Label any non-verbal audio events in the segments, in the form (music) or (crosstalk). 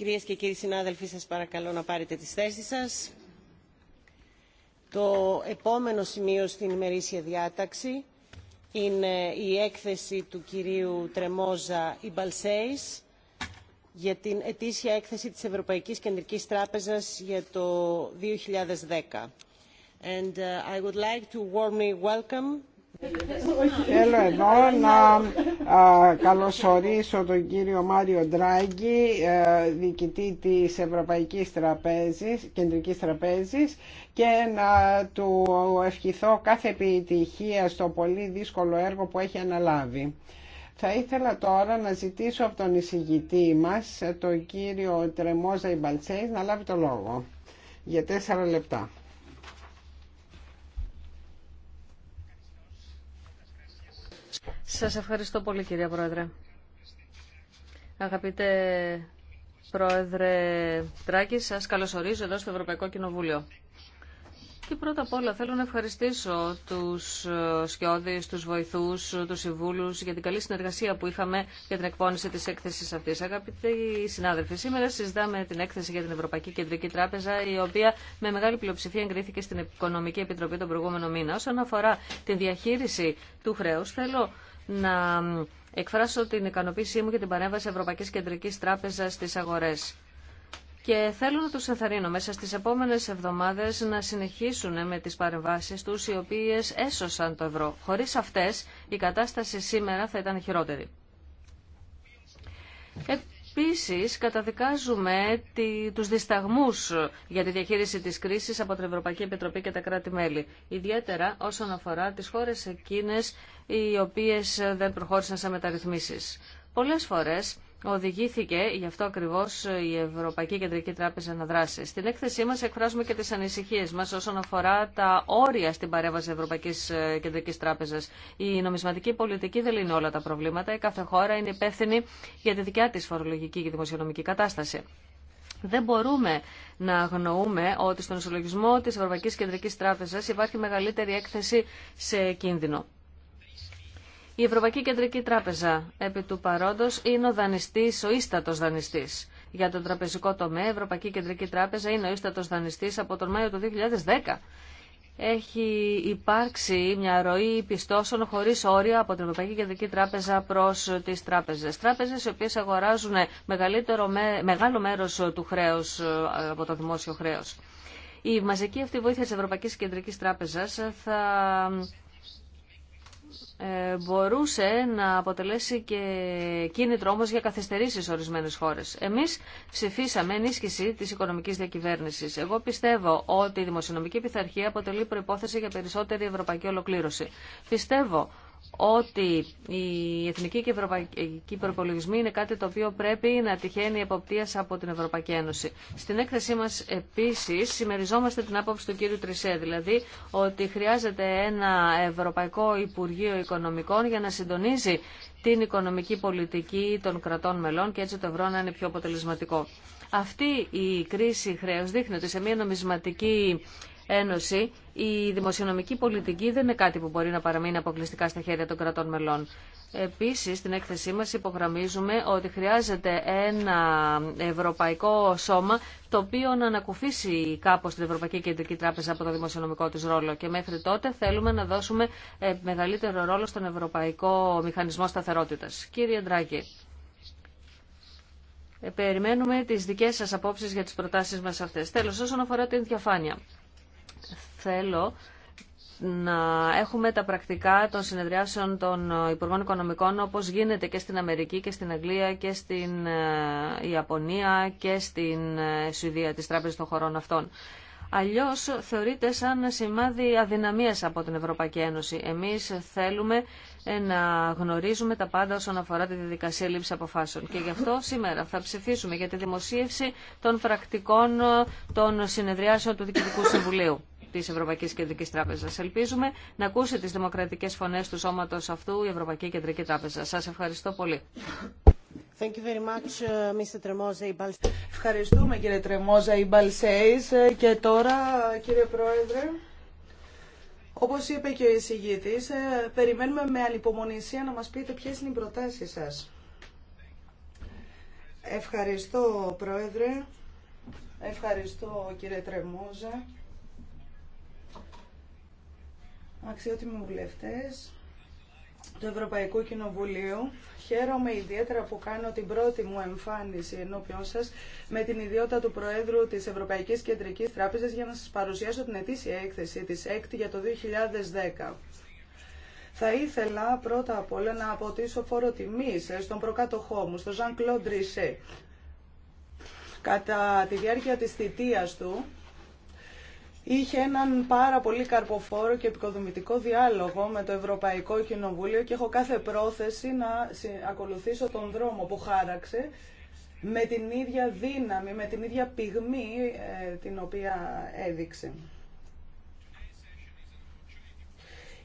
Κυρίες και κύριοι συνάδελφοι, σας παρακαλώ να πάρετε τις θέσεις σας. Το επόμενο σημείο στην ημερήσια διάταξη είναι η έκθεση του κυρίου Τρεμόζα Ιμπαλσέης για την ετήσια έκθεση της Ευρωπαϊκής Κεντρικής Τράπεζας για το 2010. And uh, I would like to warmly welcome Θέλω εδώ να καλωσορίσω τον κύριο Μάριο Ντράγκη, ε, διοικητή της Ευρωπαϊκής Τραπέζης, Κεντρικής Τραπέζης και να του ευχηθώ κάθε επιτυχία στο πολύ δύσκολο έργο που έχει αναλάβει. Θα ήθελα τώρα να ζητήσω από τον εισηγητή μας, τον κύριο Τρεμόζα Ιμπαλτσέης, να λάβει το λόγο για τέσσερα λεπτά. Σας ευχαριστώ πολύ κυρία Πρόεδρε. Αγαπητέ Πρόεδρε Τράκη, σας καλωσορίζω εδώ στο Ευρωπαϊκό Κοινοβούλιο. Και πρώτα απ' όλα θέλω να ευχαριστήσω τους ε, σκιώδεις, τους βοηθούς, ε, τους συμβούλους για την καλή συνεργασία που είχαμε για την εκπόνηση της έκθεσης αυτής. Αγαπητοί συνάδελφοι, σήμερα συζητάμε την έκθεση για την Ευρωπαϊκή Κεντρική Τράπεζα, η οποία με μεγάλη πλειοψηφία εγκρίθηκε στην Οικονομική Επιτροπή τον προηγούμενο μήνα. Όσον αφορά τη διαχείριση του χρέους, θέλω να εκφράσω την ικανοποίησή μου για την παρέμβαση Ευρωπαϊκής Κεντρικής Τράπεζας στις αγορές. Και θέλω να τους ενθαρρύνω μέσα στις επόμενες εβδομάδες να συνεχίσουν με τις παρεμβάσεις τους οι οποίες έσωσαν το ευρώ. Χωρίς αυτές η κατάσταση σήμερα θα ήταν χειρότερη. Επίσης καταδικάζουμε τη, τους δισταγμούς για τη διαχείριση της κρίσης από την Ευρωπαϊκή Επιτροπή και τα κράτη-μέλη. Ιδιαίτερα όσον αφορά τις χώρες εκείνες οι οποίες δεν προχώρησαν σε μεταρρυθμίσεις. Πολλές φορές οδηγήθηκε γι' αυτό ακριβώ η Ευρωπαϊκή Κεντρική Τράπεζα να δράσει. Στην έκθεσή μα εκφράζουμε και τι ανησυχίε μα όσον αφορά τα όρια στην παρέμβαση Ευρωπαϊκή ε, Κεντρική Τράπεζα. Η νομισματική πολιτική δεν λύνει όλα τα προβλήματα. Η κάθε χώρα είναι υπεύθυνη για τη δικιά τη φορολογική και δημοσιονομική κατάσταση. Δεν μπορούμε να αγνοούμε ότι στον ισολογισμό τη Ευρωπαϊκή Κεντρική Τράπεζα υπάρχει μεγαλύτερη έκθεση σε κίνδυνο. Η Ευρωπαϊκή Κεντρική Τράπεζα, επί του παρόντος, είναι ο δανειστής, ο ίστατος δανειστής. Για τον τραπεζικό τομέα, η Ευρωπαϊκή Κεντρική Τράπεζα είναι ο ίστατος δανειστής από τον Μάιο του 2010. Έχει υπάρξει μια ροή πιστώσεων χωρίς όρια από την Ευρωπαϊκή Κεντρική Τράπεζα προς τις τράπεζες. Τράπεζε, οι οποίε αγοράζουν μεγαλύτερο, μεγάλο μέρο του χρέου, ε, από το δημόσιο χρέο. Η μαζική αυτή βοήθεια τη Ευρωπαϊκή Κεντρική Τράπεζα. θα ε, μπορούσε να αποτελέσει και κίνητρο όμως για καθυστερήσεις σε ορισμένες χώρες. Εμείς ψηφίσαμε ενίσχυση της οικονομικής διακυβέρνησης. Εγώ πιστεύω ότι η δημοσιονομική πειθαρχία αποτελεί προϋπόθεση για περισσότερη ευρωπαϊκή ολοκλήρωση. Πιστεύω ότι η εθνική και ευρωπαϊκή προπολογισμοί είναι κάτι το οποίο πρέπει να τυχαίνει εποπτεία από την Ευρωπαϊκή Ένωση. Στην έκθεσή μα επίση συμμεριζόμαστε την άποψη του κύριου Τρισέ, δηλαδή ότι χρειάζεται ένα Ευρωπαϊκό Υπουργείο Οικονομικών για να συντονίζει την οικονομική πολιτική των κρατών μελών και έτσι το ευρώ να είναι πιο αποτελεσματικό. Αυτή η κρίση χρέους δείχνεται σε μια νομισματική ένωση η δημοσιονομική πολιτική δεν είναι κάτι που μπορεί να παραμείνει αποκλειστικά στα χέρια των κρατών μελών. Επίσης, στην έκθεσή μας υπογραμμίζουμε ότι χρειάζεται ένα ευρωπαϊκό σώμα το οποίο να ανακουφίσει κάπως την Ευρωπαϊκή Κεντρική Τράπεζα από το δημοσιονομικό της ρόλο και μέχρι τότε θέλουμε να δώσουμε ε, μεγαλύτερο ρόλο στον Ευρωπαϊκό Μηχανισμό Σταθερότητας. Κύριε Ντράγκη, ε, περιμένουμε τις δικές σας απόψεις για τις προτάσεις μας αυτές. Τέλος, όσον αφορά την διαφάνεια θέλω να έχουμε τα πρακτικά των συνεδριάσεων των Υπουργών Οικονομικών όπως γίνεται και στην Αμερική και στην Αγγλία και στην ε, Ιαπωνία και στην ε, Σουηδία της Τράπεζας των χωρών αυτών. Αλλιώς θεωρείται σαν σημάδι αδυναμίας από την Ευρωπαϊκή Ένωση. Εμείς θέλουμε ε, να γνωρίζουμε τα πάντα όσον αφορά τη διαδικασία λήψη αποφάσεων. Και γι' αυτό σήμερα θα ψηφίσουμε για τη δημοσίευση των πρακτικών των συνεδριάσεων του Διοικητικού Συμβουλίου της Ευρωπαϊκής Κεντρικής Τράπεζας. Ελπίζουμε να ακούσει τις δημοκρατικές φωνές του σώματος αυτού η Ευρωπαϊκή Κεντρική Τράπεζα. Σας ευχαριστώ πολύ. Thank you very much, uh, Mr. Ευχαριστούμε κύριε Τρεμόζα Ιμπαλσέης και τώρα κύριε Πρόεδρε. Όπως είπε και ο εισηγήτης, ε, περιμένουμε με ανυπομονησία να μας πείτε ποιες είναι οι προτάσεις σας. Ευχαριστώ Πρόεδρε, ευχαριστώ κύριε Τρεμόζα αξιότιμοι βουλευτές του Ευρωπαϊκού Κοινοβουλίου. Χαίρομαι ιδιαίτερα που κάνω την πρώτη μου εμφάνιση ενώπιόν σας με την ιδιότητα του Προέδρου της Ευρωπαϊκής Κεντρικής Τράπεζας για να σας παρουσιάσω την ετήσια έκθεση της ΕΚΤ για το 2010. Θα ήθελα πρώτα απ' όλα να αποτίσω φόρο τιμή στον προκάτοχό μου, στον Jean-Claude Κατά τη διάρκεια της θητείας του, είχε έναν πάρα πολύ καρποφόρο και επικοδομητικό διάλογο με το Ευρωπαϊκό Κοινοβούλιο και έχω κάθε πρόθεση να ακολουθήσω τον δρόμο που χάραξε με την ίδια δύναμη, με την ίδια πυγμή ε, την οποία έδειξε.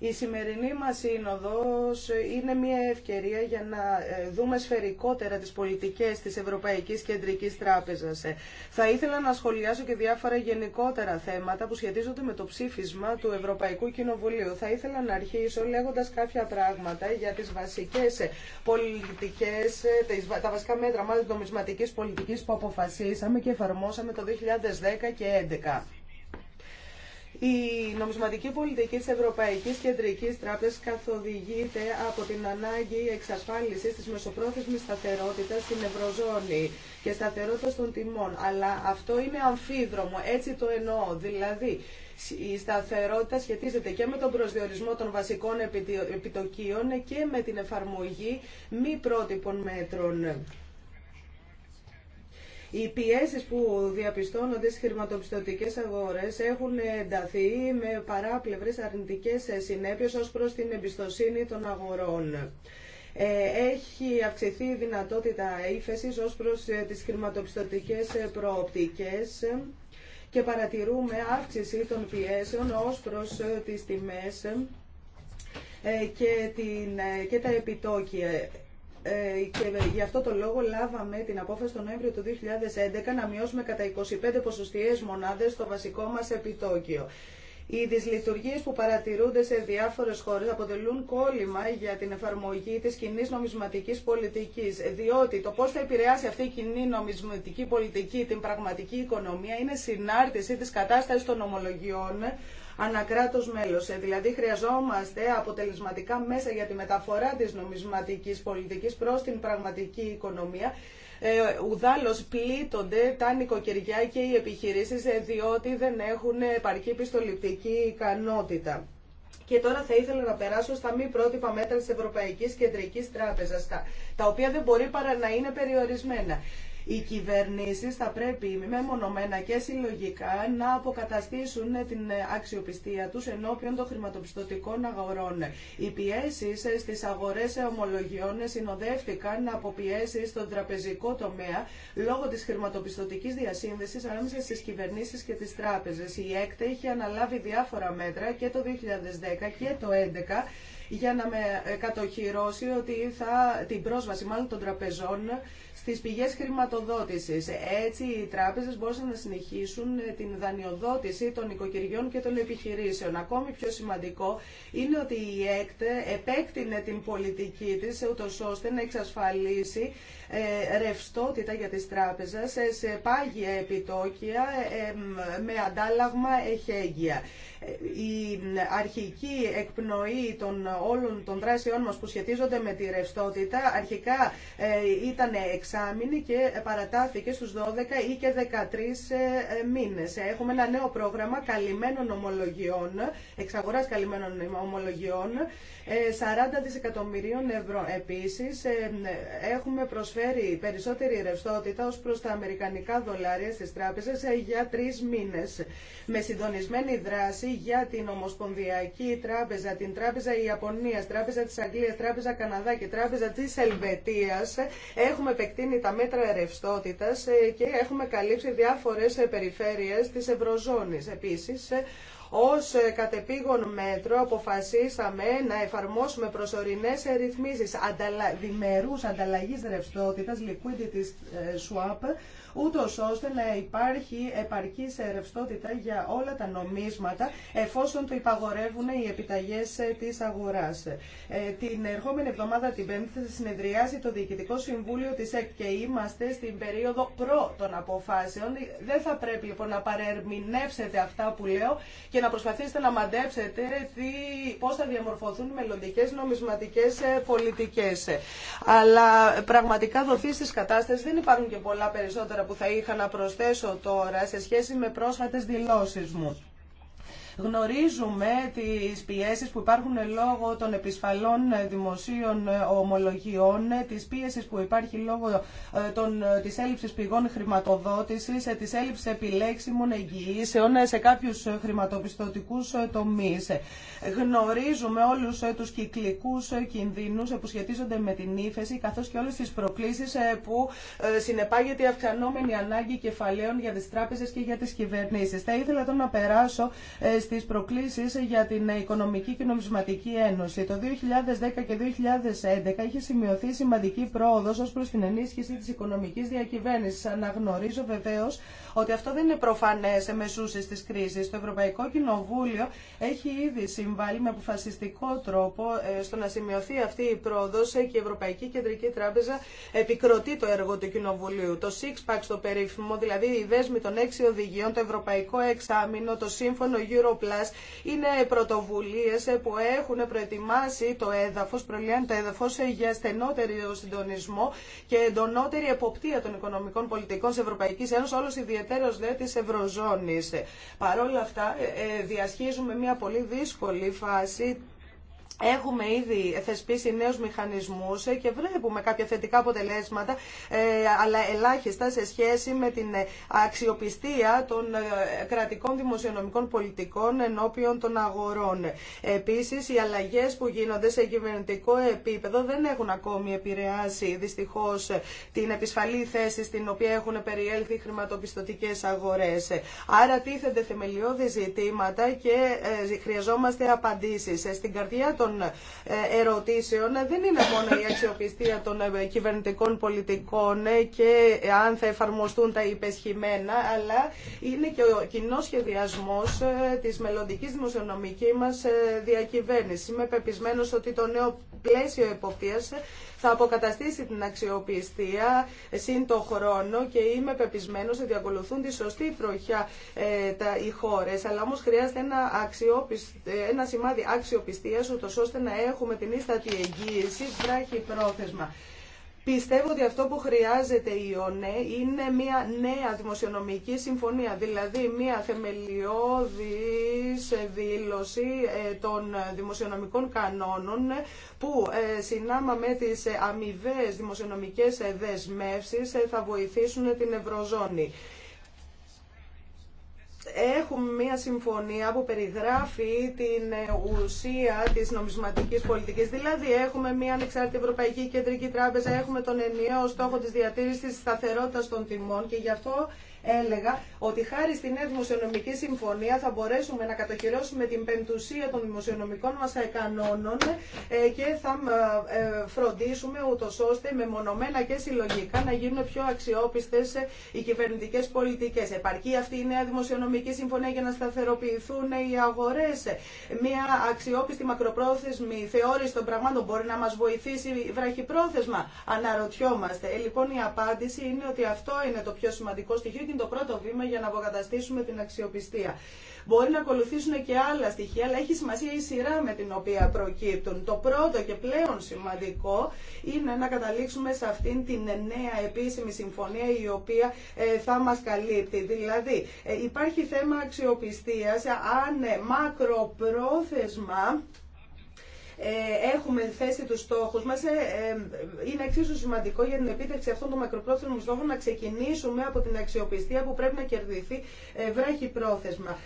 Η σημερινή μας σύνοδος είναι μια ευκαιρία για να ε, δούμε σφαιρικότερα τις πολιτικές της Ευρωπαϊκής Κεντρικής Τράπεζας. Ε, θα ήθελα να σχολιάσω και διάφορα γενικότερα θέματα που σχετίζονται με το ψήφισμα του Ευρωπαϊκού Κοινοβουλίου. Θα ήθελα να αρχίσω λέγοντας κάποια πράγματα για τις βασικές ε, πολιτικές, τα βασικά μέτρα μάλλον νομισματικής πολιτικής που αποφασίσαμε και εφαρμόσαμε το 2010 και 2011. Η νομισματική πολιτική της Ευρωπαϊκής Κεντρικής Τράπεζας καθοδηγείται από την ανάγκη εξασφάλισης της μεσοπρόθεσμης σταθερότητας στην Ευρωζώνη και σταθερότητα των τιμών. Αλλά αυτό είναι αμφίδρομο, έτσι το εννοώ. Δηλαδή, η σταθερότητα σχετίζεται και με τον προσδιορισμό των βασικών επιτοκίων και με την εφαρμογή μη πρότυπων μέτρων. Οι πιέσεις που διαπιστώνονται στις χρηματοπιστωτικές αγορές έχουν ενταθεί με παράπλευρες αρνητικές συνέπειες ως προς την εμπιστοσύνη των αγορών. Ε, έχει αυξηθεί η δυνατότητα ύφεσης ως προς ε, τις χρηματοπιστωτικές ε, προοπτικές και παρατηρούμε αύξηση των πιέσεων ως προς τις τιμές και, την, και τα επιτόκια. Ε, και γι' αυτό το λόγο λάβαμε την απόφαση τον Νοέμβριο του 2011 να μειώσουμε κατά 25 ποσοστιαίες μονάδες το βασικό μας επιτόκιο. Οι δυσλειτουργίες που παρατηρούνται σε διάφορες χώρες αποτελούν κόλλημα για την εφαρμογή της κοινή νομισματικής πολιτικής, διότι το πώς θα επηρεάσει αυτή η κοινή νομισματική πολιτική την πραγματική οικονομία είναι συνάρτηση της κατάστασης των ομολογιών ανακράτος μέλος. Ε, δηλαδή χρειαζόμαστε αποτελεσματικά μέσα για τη μεταφορά της νομισματικής πολιτικής προς την πραγματική οικονομία ε, πλήττονται τα νοικοκυριά και οι επιχειρήσεις ε, διότι δεν έχουν επαρκή πιστοληπτική ικανότητα. Και τώρα θα ήθελα να περάσω στα μη πρότυπα μέτρα της Ευρωπαϊκής Κεντρικής Τράπεζας, τα, τα οποία δεν μπορεί παρά να είναι περιορισμένα. Οι κυβερνήσει θα πρέπει μεμονωμένα και συλλογικά να αποκαταστήσουν την αξιοπιστία του ενώπιον των χρηματοπιστωτικών αγορών. Οι πιέσει στι αγορέ ομολογιών συνοδεύτηκαν από πιέσει στον τραπεζικό τομέα λόγω τη χρηματοπιστωτική διασύνδεση ανάμεσα στι κυβερνήσει και τις Τράπεζε. Η ΕΚΤΕ είχε αναλάβει διάφορα μέτρα και το 2010 και το 2011 για να με κατοχυρώσει ότι θα, την πρόσβαση μάλλον των τραπεζών στις πηγές χρηματοδότησης. Έτσι οι τράπεζες μπορούσαν να συνεχίσουν ε, την δανειοδότηση των οικοκυριών και των επιχειρήσεων. Ακόμη πιο σημαντικό είναι ότι η ΕΚΤ επέκτηνε την πολιτική της ούτως ώστε να εξασφαλίσει ε, ρευστότητα για τις τράπεζες ε, σε πάγια επιτόκια ε, με αντάλλαγμα εχέγγυα. Η αρχική εκπνοή των όλων των δράσεών μας που σχετίζονται με τη ρευστότητα αρχικά ήταν εξάμηνη και παρατάθηκε στους 12 ή και 13 μήνες. Έχουμε ένα νέο πρόγραμμα καλυμμένων ομολογιών, εξαγοράς καλυμμένων ομολογιών, 40 δισεκατομμυρίων ευρώ. Επίσης, έχουμε προσφέρει προσφέρει περισσότερη ρευστότητα ως προς τα αμερικανικά δολάρια στις τράπεζες ε, για τρεις μήνες. Με συντονισμένη δράση για την Ομοσπονδιακή Τράπεζα, την Τράπεζα Ιαπωνίας, Τράπεζα της Αγγλίας, Τράπεζα Καναδά και Τράπεζα της Ελβετίας ε, έχουμε επεκτείνει τα μέτρα ρευστότητας ε, και έχουμε καλύψει διάφορες περιφέρειες της Ευρωζώνης. Επίσης, ως ε, κατεπήγον μέτρο αποφασίσαμε να εφαρμόσουμε προσωρινές ρυθμίσεις ανταλα... διμερούς ανταλλαγής ρευστότητας, liquidity ε, swap, ούτως ώστε να υπάρχει επαρκής ρευστότητα για όλα τα νομίσματα εφόσον το υπαγορεύουν οι επιταγές ε, της αγοράς. Την ερχόμενη εβδομάδα την Πέμπτη θα συνεδριάσει το Διοικητικό Συμβούλιο της ΕΚ και είμαστε στην περίοδο προ των αποφάσεων. Δεν θα πρέπει λοιπόν να παρερμηνεύσετε αυτά που λέω και να προσπαθήσετε να μαντέψετε τι, πώς θα διαμορφωθούν μελλοντικέ νομισματικές ε, πολιτικές. Αλλά πραγματικά δοθεί στις κατάσταση δεν υπάρχουν και πολλά περισσότερα που θα είχα να προσθέσω τώρα σε σχέση με πρόσφατες δηλώσεις μου. Γνωρίζουμε τις πιέσεις που υπάρχουν λόγω των επισφαλών δημοσίων ομολογιών, τις πίεσεις που υπάρχει λόγω ε, των, ε, της έλλειψης πηγών χρηματοδότησης, ε, της έλλειψης επιλέξιμων εγγυήσεων σε κάποιους χρηματοπιστωτικούς τομείς. Γνωρίζουμε όλους τους κυκλικούς κινδύνους που σχετίζονται με την ύφεση, καθώς και όλες τις προκλήσεις που συνεπάγεται η αυξανόμενη ανάγκη κεφαλαίων για τις τράπεζες και για τις κυβερνήσεις. Θα ήθελα τώρα να περάσω στις προκλήσεις για την Οικονομική και Νομισματική Ένωση. Το 2010 και 2011 είχε σημειωθεί σημαντική πρόοδος ως προς την ενίσχυση της οικονομικής διακυβέρνησης. Αναγνωρίζω βεβαίως ότι αυτό δεν είναι προφανέ σε μεσούσε τη κρίση. Το Ευρωπαϊκό Κοινοβούλιο έχει ήδη συμβάλει με αποφασιστικό τρόπο ε, στο να σημειωθεί αυτή η πρόοδο ε, και η Ευρωπαϊκή Κεντρική Τράπεζα επικροτεί το έργο του Κοινοβουλίου. Το Six Pack στο περίφημο, δηλαδή η δέσμη των έξι οδηγιών, το Ευρωπαϊκό Εξάμεινο, το Σύμφωνο Europlus, είναι πρωτοβουλίε ε, που έχουν προετοιμάσει το έδαφο, προλυάνει το έδαφο για στενότερο συντονισμό και εντονότερη εποπτεία των οικονομικών πολιτικών τη Ευρωπαϊκή Ένωση, όλο λέει τη Ευρωζώνη. Παρ' Παρόλα αυτά ε, ε, διασχίζουμε μια πολύ δύσκολη φάση Έχουμε ήδη θεσπίσει νέους μηχανισμούς ε, και βλέπουμε κάποια θετικά αποτελέσματα, ε, αλλά ελάχιστα σε σχέση με την ε, αξιοπιστία των κρατικών δημοσιονομικών πολιτικών ενώπιον των αγορών. Επίσης, οι αλλαγές που γίνονται σε κυβερνητικό επίπεδο δεν έχουν ακόμη επηρεάσει δυστυχώς την επισφαλή θέση στην οποία έχουν περιέλθει χρηματοπιστωτικές αγορές. Άρα τίθενται θεμελιώδη ζητήματα και χρειαζόμαστε απαντήσεις. Στην καρδιά των ε, ερωτήσεων δεν είναι μόνο η αξιοπιστία των ε, κυβερνητικών πολιτικών ε, και αν θα εφαρμοστούν τα υπεσχημένα, αλλά είναι και ο κοινό σχεδιασμό τη μελλοντική δημοσιονομική μα διακυβέρνηση. Είμαι πεπισμένο ότι το νέο πλαίσιο εποπτεία θα αποκαταστήσει την αξιοπιστία σύν το χρόνο και είμαι πεπισμένο ότι ακολουθούν τη σωστή τροχιά οι χώρε. Αλλά όμω χρειάζεται ένα, σημάδι αξιοπιστία, ώστε να έχουμε την ίστατη εγγύηση βράχει πρόθεσμα. Πιστεύω ότι αυτό που χρειάζεται η ΟΝΕ είναι μια νέα δημοσιονομική συμφωνία, δηλαδή μια θεμελιώδης δήλωση ε, των δημοσιονομικών κανόνων που ε, συνάμα με τις αμοιβέ δημοσιονομικές δεσμεύσεις ε, θα βοηθήσουν την Ευρωζώνη έχουμε μια συμφωνία που περιγράφει την ουσία της νομισματικής πολιτικής. Δηλαδή έχουμε μια ανεξάρτητη Ευρωπαϊκή Κεντρική Τράπεζα, έχουμε τον ενιαίο στόχο της διατήρησης της σταθερότητας των τιμών και γι' αυτό έλεγα ότι χάρη στη νέα δημοσιονομική συμφωνία θα μπορέσουμε να κατοχυρώσουμε την πεντουσία των δημοσιονομικών μας κανόνων ε, και θα ε, ε, φροντίσουμε ούτω ώστε μεμονωμένα και συλλογικά να γίνουν πιο αξιόπιστες οι κυβερνητικές πολιτικές. Επαρκεί αυτή η νέα δημοσιονομική συμφωνία για να σταθεροποιηθούν οι αγορές. Μια αξιόπιστη μακροπρόθεσμη θεώρηση των πραγμάτων μπορεί να μας βοηθήσει βραχυπρόθεσμα. Αναρωτιόμαστε. Ε, λοιπόν, η απάντηση είναι ότι αυτό είναι το πιο σημαντικό στοιχείο το πρώτο βήμα για να αποκαταστήσουμε την αξιοπιστία. Μπορεί να ακολουθήσουν και άλλα στοιχεία, αλλά έχει σημασία η σειρά με την οποία προκύπτουν. Το πρώτο και πλέον σημαντικό είναι να καταλήξουμε σε αυτήν την νέα επίσημη συμφωνία η οποία ε, θα μας καλύπτει. Δηλαδή ε, υπάρχει θέμα αξιοπιστία αν ε, μακροπρόθεσμα ε, έχουμε θέσει τους στόχους μας. Ε, ε, είναι εξίσου σημαντικό για την επίτευξη αυτών των μακροπρόθεσμων στόχων να ξεκινήσουμε από την αξιοπιστία που πρέπει να κερδιθεί βράχη πρόθεσμα.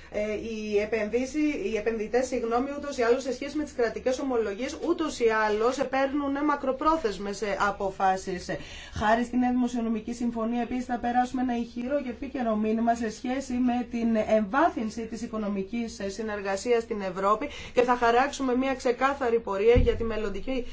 Οι, επενδυτέ, οι επενδυτές, συγγνώμη, ούτως ή άλλως σε σχέση με τις κρατικές ομολογίες, ούτως ή άλλως παίρνουν μακροπρόθεσμες αποφάσεις. Χάρη στην Δημοσιονομική Συμφωνία επίσης θα περάσουμε ένα ηχηρό και επίκαιρο μήνυμα σε σχέση με την εμβάθυνση της οικονομικής συνεργασίας στην Ευρώπη και θα χαράξουμε μια ξεκάθαρη πορεία για τη μελλοντική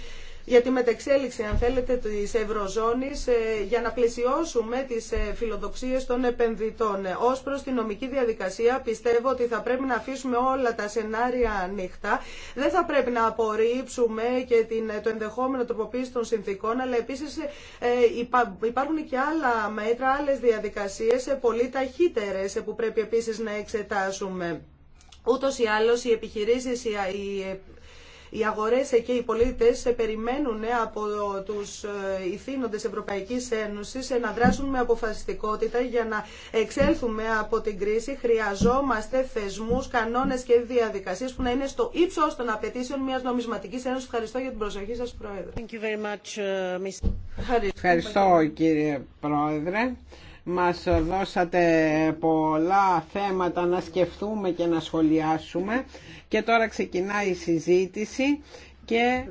τη αν θέλετε, της Ευρωζώνης ε, για να πλαισιώσουμε τις ε, φιλοδοξίες των επενδυτών. Ε, ως προς τη νομική διαδικασία πιστεύω ότι θα πρέπει να αφήσουμε όλα τα σενάρια ανοιχτά. Δεν θα πρέπει να απορρίψουμε και την, το ενδεχόμενο τροποποίηση των συνθήκων, αλλά επίσης υπάρχουν και άλλα μέτρα, άλλες διαδικασίες πολύ ταχύτερες που πρέπει επίσης να εξετάσουμε. Ούτως ή άλλως οι επιχειρήσεις, οι οι αγορές και οι πολίτες περιμένουν από τους ε, ηθήνοντες Ευρωπαϊκής Ένωσης να δράσουν με αποφασιστικότητα για να εξέλθουμε από την κρίση. Χρειαζόμαστε θεσμούς, κανόνες και διαδικασίες που να είναι στο ύψος των απαιτήσεων μιας νομισματικής ένωσης. Ευχαριστώ για την προσοχή σας, Πρόεδρε. Ε, Ευχαριστώ, κύριε Πρόεδρε μας δώσατε πολλά θέματα να σκεφτούμε και να σχολιάσουμε και τώρα ξεκινάει η συζήτηση και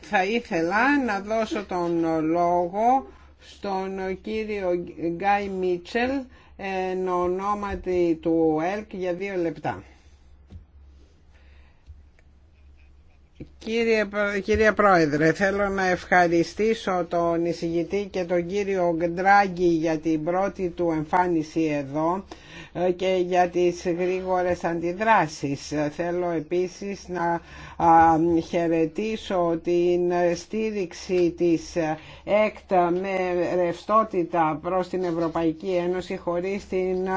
θα ήθελα να δώσω τον λόγο στον κύριο Γκάι Μίτσελ εν ονόματι του ΕΛΚ για δύο λεπτά. Κύριε, Πρόεδρε, θέλω να ευχαριστήσω τον εισηγητή και τον κύριο Γκντράγκη για την πρώτη του εμφάνιση εδώ ε, και για τις γρήγορες αντιδράσεις. Θέλω επίσης να χαιρετήσω την στήριξη της ΕΚΤ με ρευστότητα προς την Ευρωπαϊκή Ένωση χωρίς την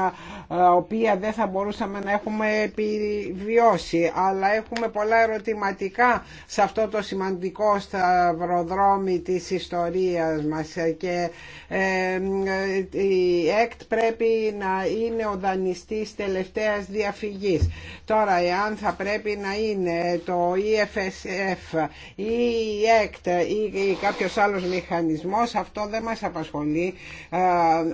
οποία δεν θα μπορούσαμε να έχουμε επιβιώσει. Αλλά έχουμε πολλά ερωτηματικά σε αυτό το σημαντικό σταυροδρόμι της ιστορίας μας και ε, ε, η ΕΚΤ πρέπει να είναι ο δανειστής τελευταίας διαφυγής. Τώρα, εάν θα πρέπει να είναι το EFSF ή η ΕΚΤ ή κάποιος άλλος μηχανισμός, αυτό δεν μας απασχολεί. Ε,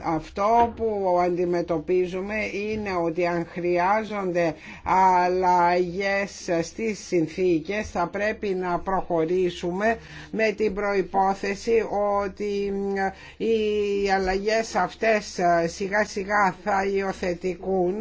αυτό που αντιμετωπίζουμε είναι ότι αν χρειάζονται αλλαγές στις συνθήκες θα πρέπει να προχωρήσουμε με την προϋπόθεση ότι οι αλλαγές αυτές σιγά σιγά θα υιοθετικούν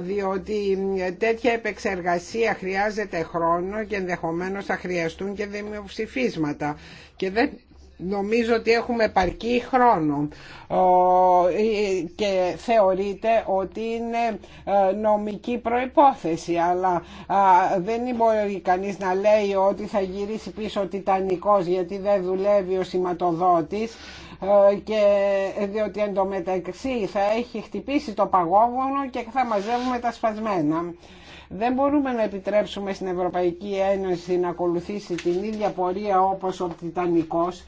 διότι τέτοια επεξεργασία χρειάζεται χρόνο και ενδεχομένως θα χρειαστούν και δημοψηφίσματα και δεν νομίζω ότι έχουμε επαρκή χρόνο ε, και θεωρείται ότι είναι ε, νομική προϋπόθεση αλλά δεν μπορεί κανείς να λέει ότι θα γυρίσει πίσω ο Τιτανικός γιατί δεν δουλεύει ο σηματοδότης ε, και διότι εντωμεταξύ θα έχει χτυπήσει το παγόβονο και θα μαζεύουμε τα σπασμένα. Δεν μπορούμε να επιτρέψουμε στην Ευρωπαϊκή Ένωση να ακολουθήσει την ίδια πορεία όπως ο Τιτανικός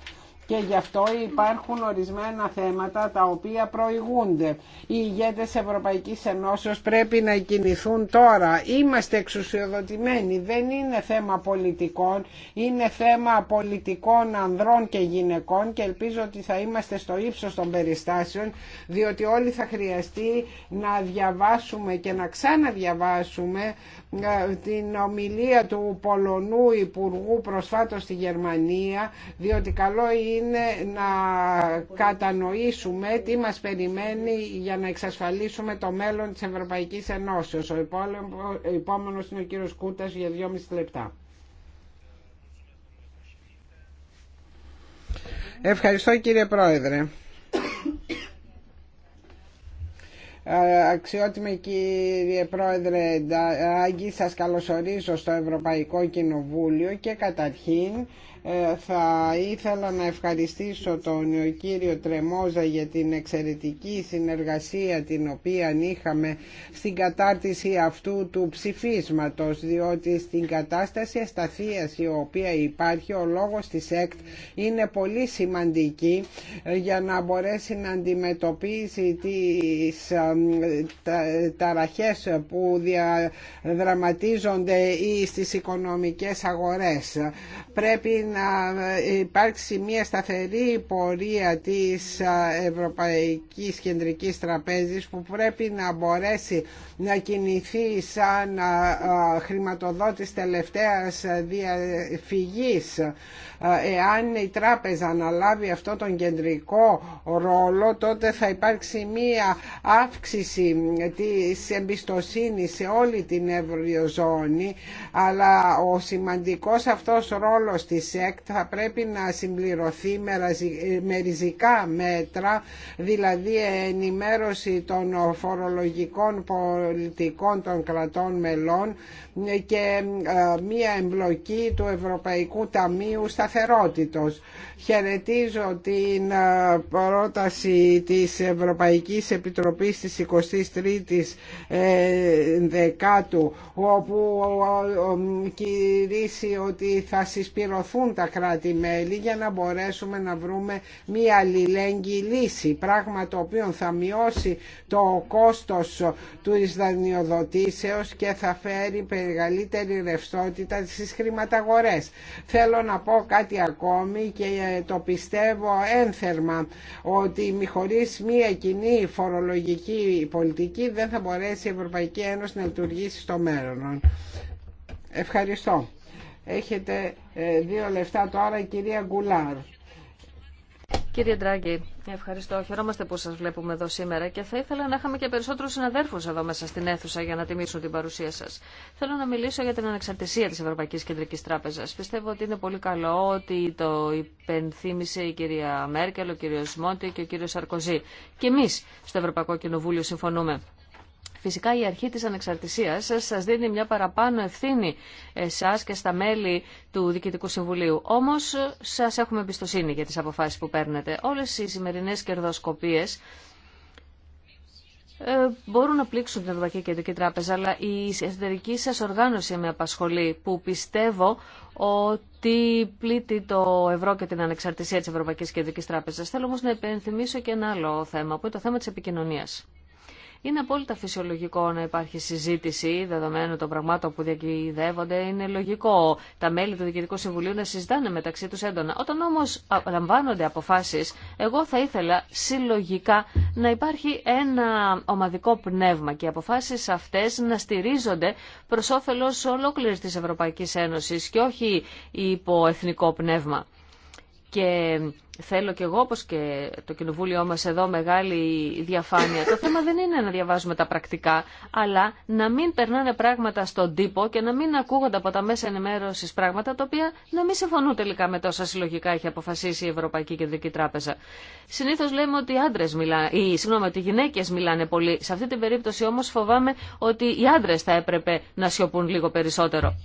και γι' αυτό υπάρχουν ορισμένα θέματα τα οποία προηγούνται. Οι ηγέτες Ευρωπαϊκής Ενώσεως πρέπει να κινηθούν τώρα. Είμαστε εξουσιοδοτημένοι, δεν είναι θέμα πολιτικών, είναι θέμα πολιτικών ανδρών και γυναικών και ελπίζω ότι θα είμαστε στο ύψος των περιστάσεων, διότι όλοι θα χρειαστεί να διαβάσουμε και να ξαναδιαβάσουμε ε, την ομιλία του Πολωνού Υπουργού προσφάτως στη Γερμανία, διότι καλό είναι είναι να κατανοήσουμε τι μας περιμένει για να εξασφαλίσουμε το μέλλον της Ευρωπαϊκής Ενώσεως. Ο επόμενος είναι ο κύριος Κούτας για δυόμιση λεπτά. Ευχαριστώ κύριε Πρόεδρε. Αξιότιμη κύριε Πρόεδρε Ντάγκη, σας καλωσορίζω στο Ευρωπαϊκό Κοινοβούλιο και καταρχήν ε, θα ήθελα να ευχαριστήσω τον κύριο Τρεμόζα για την εξαιρετική συνεργασία την οποία είχαμε στην κατάρτιση αυτού του ψηφίσματος διότι στην κατάσταση ασταθείας η οποία υπάρχει ο λόγος της ΕΚΤ είναι πολύ σημαντική ε, για να μπορέσει να αντιμετωπίσει τις ε, ταραχές που διαδραματίζονται ή στις οικονομικές αγορές. Πρέπει να υπάρξει μια σταθερή πορεία της Ευρωπαϊκής Κεντρικής Τραπέζης που πρέπει να μπορέσει να κινηθεί σαν χρηματοδότης τελευταίας διαφυγής εάν η τράπεζα αναλάβει αυτό τον κεντρικό ρόλο τότε θα υπάρξει μία αύξηση της εμπιστοσύνης σε όλη την Ευρωζώνη αλλά ο σημαντικός αυτός ρόλος της ΕΚΤ θα πρέπει να συμπληρωθεί με ριζικά μέτρα δηλαδή ενημέρωση των φορολογικών πολιτικών των κρατών μελών και ε, μία εμπλοκή του Ευρωπαϊκού Ταμείου Σταθερότητος. Χαιρετίζω την ε, πρόταση της Ευρωπαϊκής Επιτροπής της 23ης ε, δεκάτου όπου κηρύσσει ότι θα συσπηρωθούν τα κράτη-μέλη για να μπορέσουμε να βρούμε μία αλληλέγγυη λύση πράγμα το οποίο θα μειώσει το κόστος του δανειοδοτήσεως και θα φέρει μεγαλύτερη ρευστότητα στις χρηματαγορές. Θέλω να πω κάτι ακόμη και ε, το πιστεύω ένθερμα ότι χωρίς μία κοινή φορολογική πολιτική δεν θα μπορέσει η Ευρωπαϊκή Ένωση να λειτουργήσει στο μέλλον. Ευχαριστώ. Έχετε ε, δύο λεφτά τώρα κυρία Γκουλάρ. Κύριε Ντράγκη, ευχαριστώ. Χαιρόμαστε που σα βλέπουμε εδώ σήμερα και θα ήθελα να είχαμε και περισσότερους συναδέρφους εδώ μέσα στην αίθουσα για να τιμήσουν την παρουσία σα. Θέλω να μιλήσω για την ανεξαρτησία της Ευρωπαϊκής Κεντρικής Τράπεζας. Πιστεύω ότι είναι πολύ καλό ότι το υπενθύμησε η κυρία Μέρκελ, ο κύριο Μόντι και ο κύριο Σαρκοζή. Και εμεί, στο Ευρωπαϊκό Κοινοβούλιο συμφωνούμε. Φυσικά η αρχή της ανεξαρτησίας σας δίνει μια παραπάνω ευθύνη εσάς και στα μέλη του Διοικητικού Συμβουλίου. Όμως σας έχουμε εμπιστοσύνη για τις αποφάσεις που παίρνετε. Όλες οι σημερινές κερδοσκοπίες ε, μπορούν να πλήξουν την Ευρωπαϊκή Κεντρική Τράπεζα, αλλά η εσωτερική σας οργάνωση με απασχολεί, που πιστεύω ότι πλήττει το ευρώ και την ανεξαρτησία της Ευρωπαϊκής Κεντρικής Τράπεζας. Θέλω όμως να επενθυμίσω και ένα άλλο θέμα, που είναι το θέμα της επικοινωνία. Είναι απόλυτα φυσιολογικό να υπάρχει συζήτηση δεδομένου των πραγμάτων που διακυδεύονται. Είναι λογικό τα μέλη του Διοικητικού Συμβουλίου να συζητάνε μεταξύ του έντονα. Όταν όμω λαμβάνονται αποφάσει, εγώ θα ήθελα συλλογικά να υπάρχει ένα ομαδικό πνεύμα και οι αποφάσει αυτέ να στηρίζονται προ όφελο ολόκληρη τη Ευρωπαϊκή Ένωση και όχι υπό εθνικό πνεύμα. Και θέλω και εγώ, όπως και το κοινοβούλιο μας εδώ, μεγάλη διαφάνεια. Το θέμα δεν είναι να διαβάζουμε τα πρακτικά, αλλά να μην περνάνε πράγματα στον τύπο και να μην ακούγονται από τα μέσα ενημέρωσης πράγματα, τα οποία να μην συμφωνούν τελικά με τόσα συλλογικά έχει αποφασίσει η Ευρωπαϊκή Κεντρική Τράπεζα. Συνήθως λέμε ότι οι άντρες μιλάνε, ή, συγγνώμη, ότι οι γυναίκες μιλάνε πολύ. Σε αυτή την περίπτωση όμως φοβάμαι ότι οι άντρες θα έπρεπε να σιωπούν λίγο περισσότερο.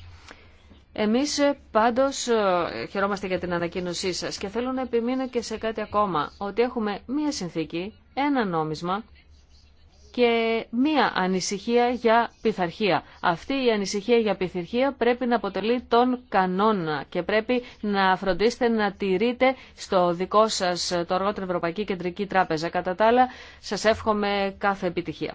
Εμείς ε, πάντως ε, χαιρόμαστε για την ανακοίνωσή σας και θέλω να επιμείνω και σε κάτι ακόμα, ότι έχουμε μία συνθήκη, ένα νόμισμα και μία ανησυχία για πειθαρχία. Αυτή η ανησυχία για πειθαρχία πρέπει να αποτελεί τον κανόνα και πρέπει να φροντίσετε να τηρείτε στο δικό σας ε, το αργότερο Ευρωπαϊκή Κεντρική Τράπεζα. Κατά τα άλλα, σας εύχομαι κάθε επιτυχία.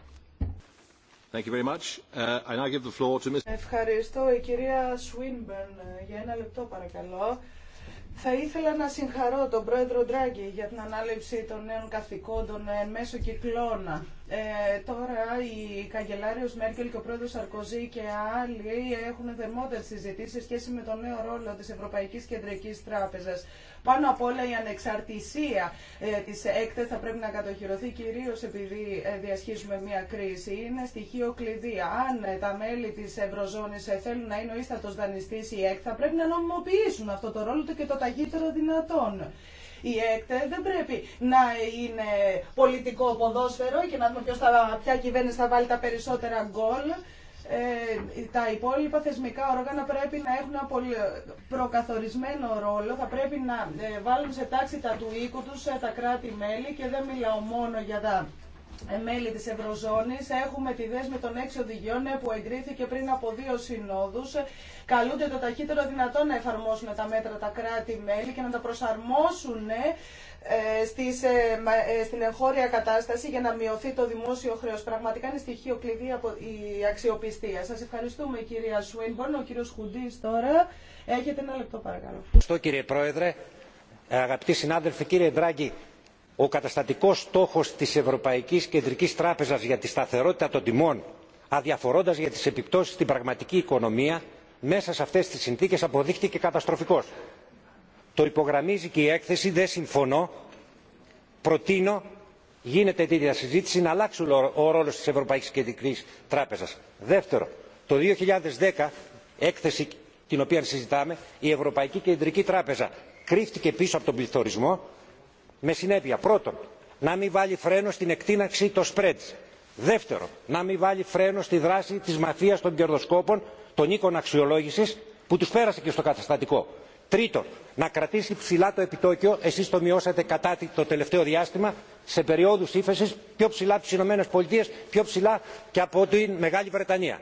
Ευχαριστώ η κυρία Σουίνμπερν για ένα λεπτό παρακαλώ. Θα ήθελα να συγχαρώ τον πρόεδρο Ντράγκη για την ανάληψη των νέων καθηκόντων εν μέσω κυκλώνα. Ε, τώρα η καγκελάριος Μέρκελ και ο πρόεδρος Σαρκοζή και άλλοι έχουν δερμότερες συζητήσεις σε σχέση με τον νέο ρόλο της Ευρωπαϊκής Κεντρικής Τράπεζας. Πάνω απ' όλα η ανεξαρτησία ε, της ΕΚΤΕ θα πρέπει να κατοχυρωθεί κυρίως επειδή ε, διασχίζουμε μια κρίση. Είναι στοιχείο κλειδί. Αν ε, τα μέλη της Ευρωζώνης ε, θέλουν να είναι ο ίστατος δανειστής η ΕΚΤ θα πρέπει να νομιμοποιήσουν αυτό το ρόλο του και το ταχύτερο δυνατόν. Η ΕΚΤΕ δεν πρέπει να είναι πολιτικό ποδόσφαιρο και να δούμε ποιος θα, ποια κυβέρνηση θα βάλει τα περισσότερα γκολ. Ε, τα υπόλοιπα θεσμικά όργανα πρέπει να έχουν ένα προκαθορισμένο ρόλο, θα πρέπει να ε, βάλουν σε τάξη τα του οίκου τους, ε, τα κράτη-μέλη και δεν μιλάω μόνο για τα ε, μέλη της Ευρωζώνης. Έχουμε τη δέσμη των έξι οδηγιών ε, που εγκρίθηκε πριν από δύο συνόδους. Ε, καλούνται το ταχύτερο δυνατό να εφαρμόσουν τα μέτρα τα κράτη-μέλη και να τα προσαρμόσουν στις, στην εγχώρια κατάσταση για να μειωθεί το δημόσιο χρέος. Πραγματικά είναι στοιχείο κλειδί από η αξιοπιστία. Σας ευχαριστούμε κυρία Σουίνμπορν. Ο κύριος Χουντής τώρα. Έχετε ένα λεπτό παρακαλώ. Ευχαριστώ κύριε Πρόεδρε. Αγαπητοί συνάδελφοι, κύριε Ντράγκη, ο καταστατικός στόχος της ευρωπαϊκής κεντρικής τράπεζας για τη σταθερότητα των τιμών αδιαφορώντας για τις επιπτώσεις στην πραγματική οικονομία μέσα σε αυτές τις συνθήκες αποδείχτηκε καταστροφικός. το υπογραμμίζει και η έκθεση δεν συμφωνώ προτείνω γίνεται η διασυζήτηση να αλλάξει ο ρόλος της ευρωπαϊκής κεντρικής τράπεζας. δεύτερο το 2010 έκθεση την οποία συζητάμε η ευρωπαϊκή κεντρική τράπεζα κρύφτηκε πίσω από τον πληθωρισμό με συνέπεια πρώτον να μην βάλει φρένο στην εκτείναξη των spreads δεύτερον να μην βάλει φρένο στη δράση τη μαφία των κερδοσκόπων των οίκων αξιολόγηση που του πέρασε και στο καταστατικό τρίτον να κρατήσει ψηλά το επιτόκιο εσεί το μειώσατε κατά το τελευταίο διάστημα σε περιόδου ύφεση πιο ψηλά από τι Ηνωμένε Πολιτείε, πιο ψηλά και από τη μεγάλη βρετανία.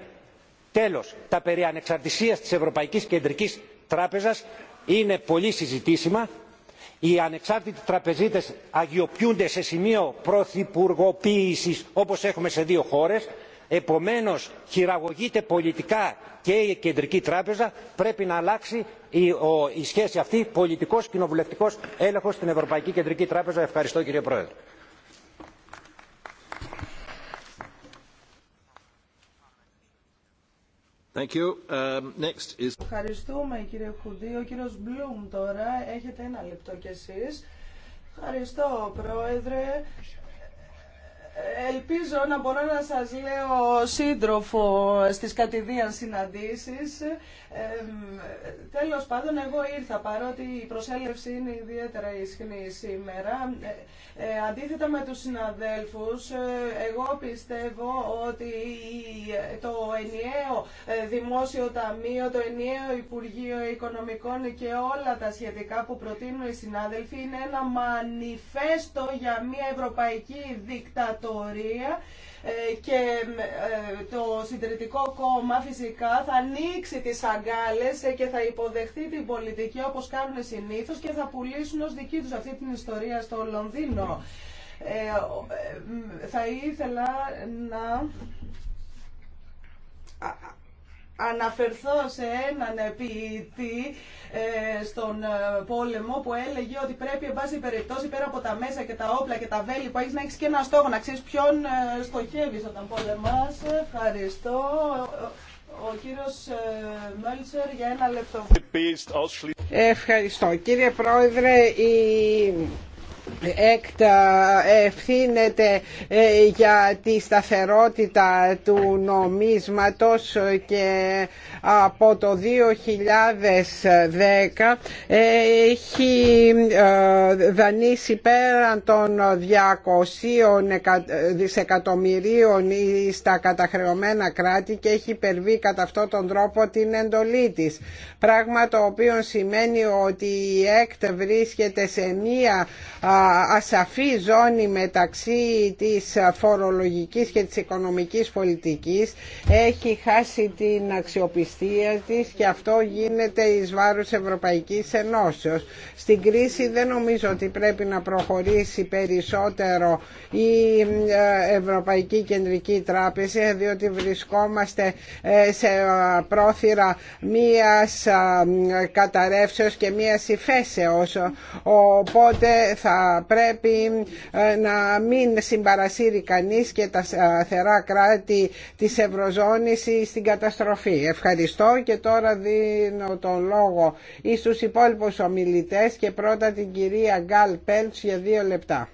Τέλο, τα περί τη της ευρωπαϊκής κεντρικής είναι πολύ συζητήσιμα οι ανεξάρτητοι τραπεζίτες αγιοποιούνται σε σημείο πρωθυπουργοποίησης όπως έχουμε σε δύο χώρες επομένως χειραγωγείται πολιτικά και η κεντρική τράπεζα πρέπει να αλλάξει η σχέση αυτή πολιτικός κοινοβουλευτικός έλεγχος στην ευρωπαϊκή κεντρική τράπεζα. ευχαριστώ κύριε πρόεδρε. Um, Ευχαριστούμε κύριε Χουντή. Ο κύριος Μπλουμ τώρα. Έχετε ένα λεπτό κι εσείς. Ευχαριστώ πρόεδρε. Ελπίζω να μπορώ να σας λέω σύντροφο στις κατηδίαν συναντήσεις. Ε, τέλος πάντων, εγώ ήρθα, παρότι η προσέλευση είναι ιδιαίτερα ισχυρή σήμερα. Ε, ε, αντίθετα με τους συναδέλφους, ε, εγώ πιστεύω ότι το ενιαίο Δημόσιο Ταμείο, το ενιαίο Υπουργείο Οικονομικών και όλα τα σχετικά που προτείνουν οι συνάδελφοι είναι ένα μανιφέστο για μια ευρωπαϊκή δικτατορία ε, και ε, το συντηρητικό κόμμα φυσικά θα ανοίξει τις αγκάλες ε, και θα υποδεχτεί την πολιτική όπως κάνουν συνήθως και θα πουλήσουν ως δική τους αυτή την ιστορία στο Λονδίνο. θα ήθελα να αναφερθώ σε έναν ποιητή ε, στον ε, πόλεμο που έλεγε ότι πρέπει, εν πάση περιπτώσει, πέρα από τα μέσα και τα όπλα και τα βέλη που έχεις να έχει και ένα στόχο, να ξέρει ποιον ε, στοχεύεις όταν πολεμάς. Ευχαριστώ. Ο κύριος Μέλτσερ για ένα λεπτό. Ευχαριστώ. Κύριε Πρόεδρε, η έκτα ευθύνεται ε, για τη σταθερότητα του νομίσματος και από το 2010 έχει ε, δανείσει πέραν των 200 δισεκατομμυρίων στα καταχρεωμένα κράτη και έχει υπερβεί κατά αυτόν τον τρόπο την εντολή της. Πράγμα το οποίο σημαίνει ότι η ΕΚΤ βρίσκεται σε μία ασαφή ζώνη μεταξύ της φορολογικής και της οικονομικής πολιτικής έχει χάσει την αξιοπιστία της και αυτό γίνεται εις βάρος Ευρωπαϊκής Ενώσεως. Στην κρίση δεν νομίζω ότι πρέπει να προχωρήσει περισσότερο η ε, Ευρωπαϊκή Κεντρική Τράπεζα διότι βρισκόμαστε ε, σε ε, πρόθυρα μίας καταρρεύσεως και μίας υφέσεως οπότε θα πρέπει ε, να μην συμπαρασύρει κανείς και τα ε, θερά κράτη της Ευρωζώνης στην καταστροφή. Ευχαριστώ και τώρα δίνω τον λόγο στους υπόλοιπους ομιλητές και πρώτα την κυρία Γκάλ Πέλτς για δύο λεπτά.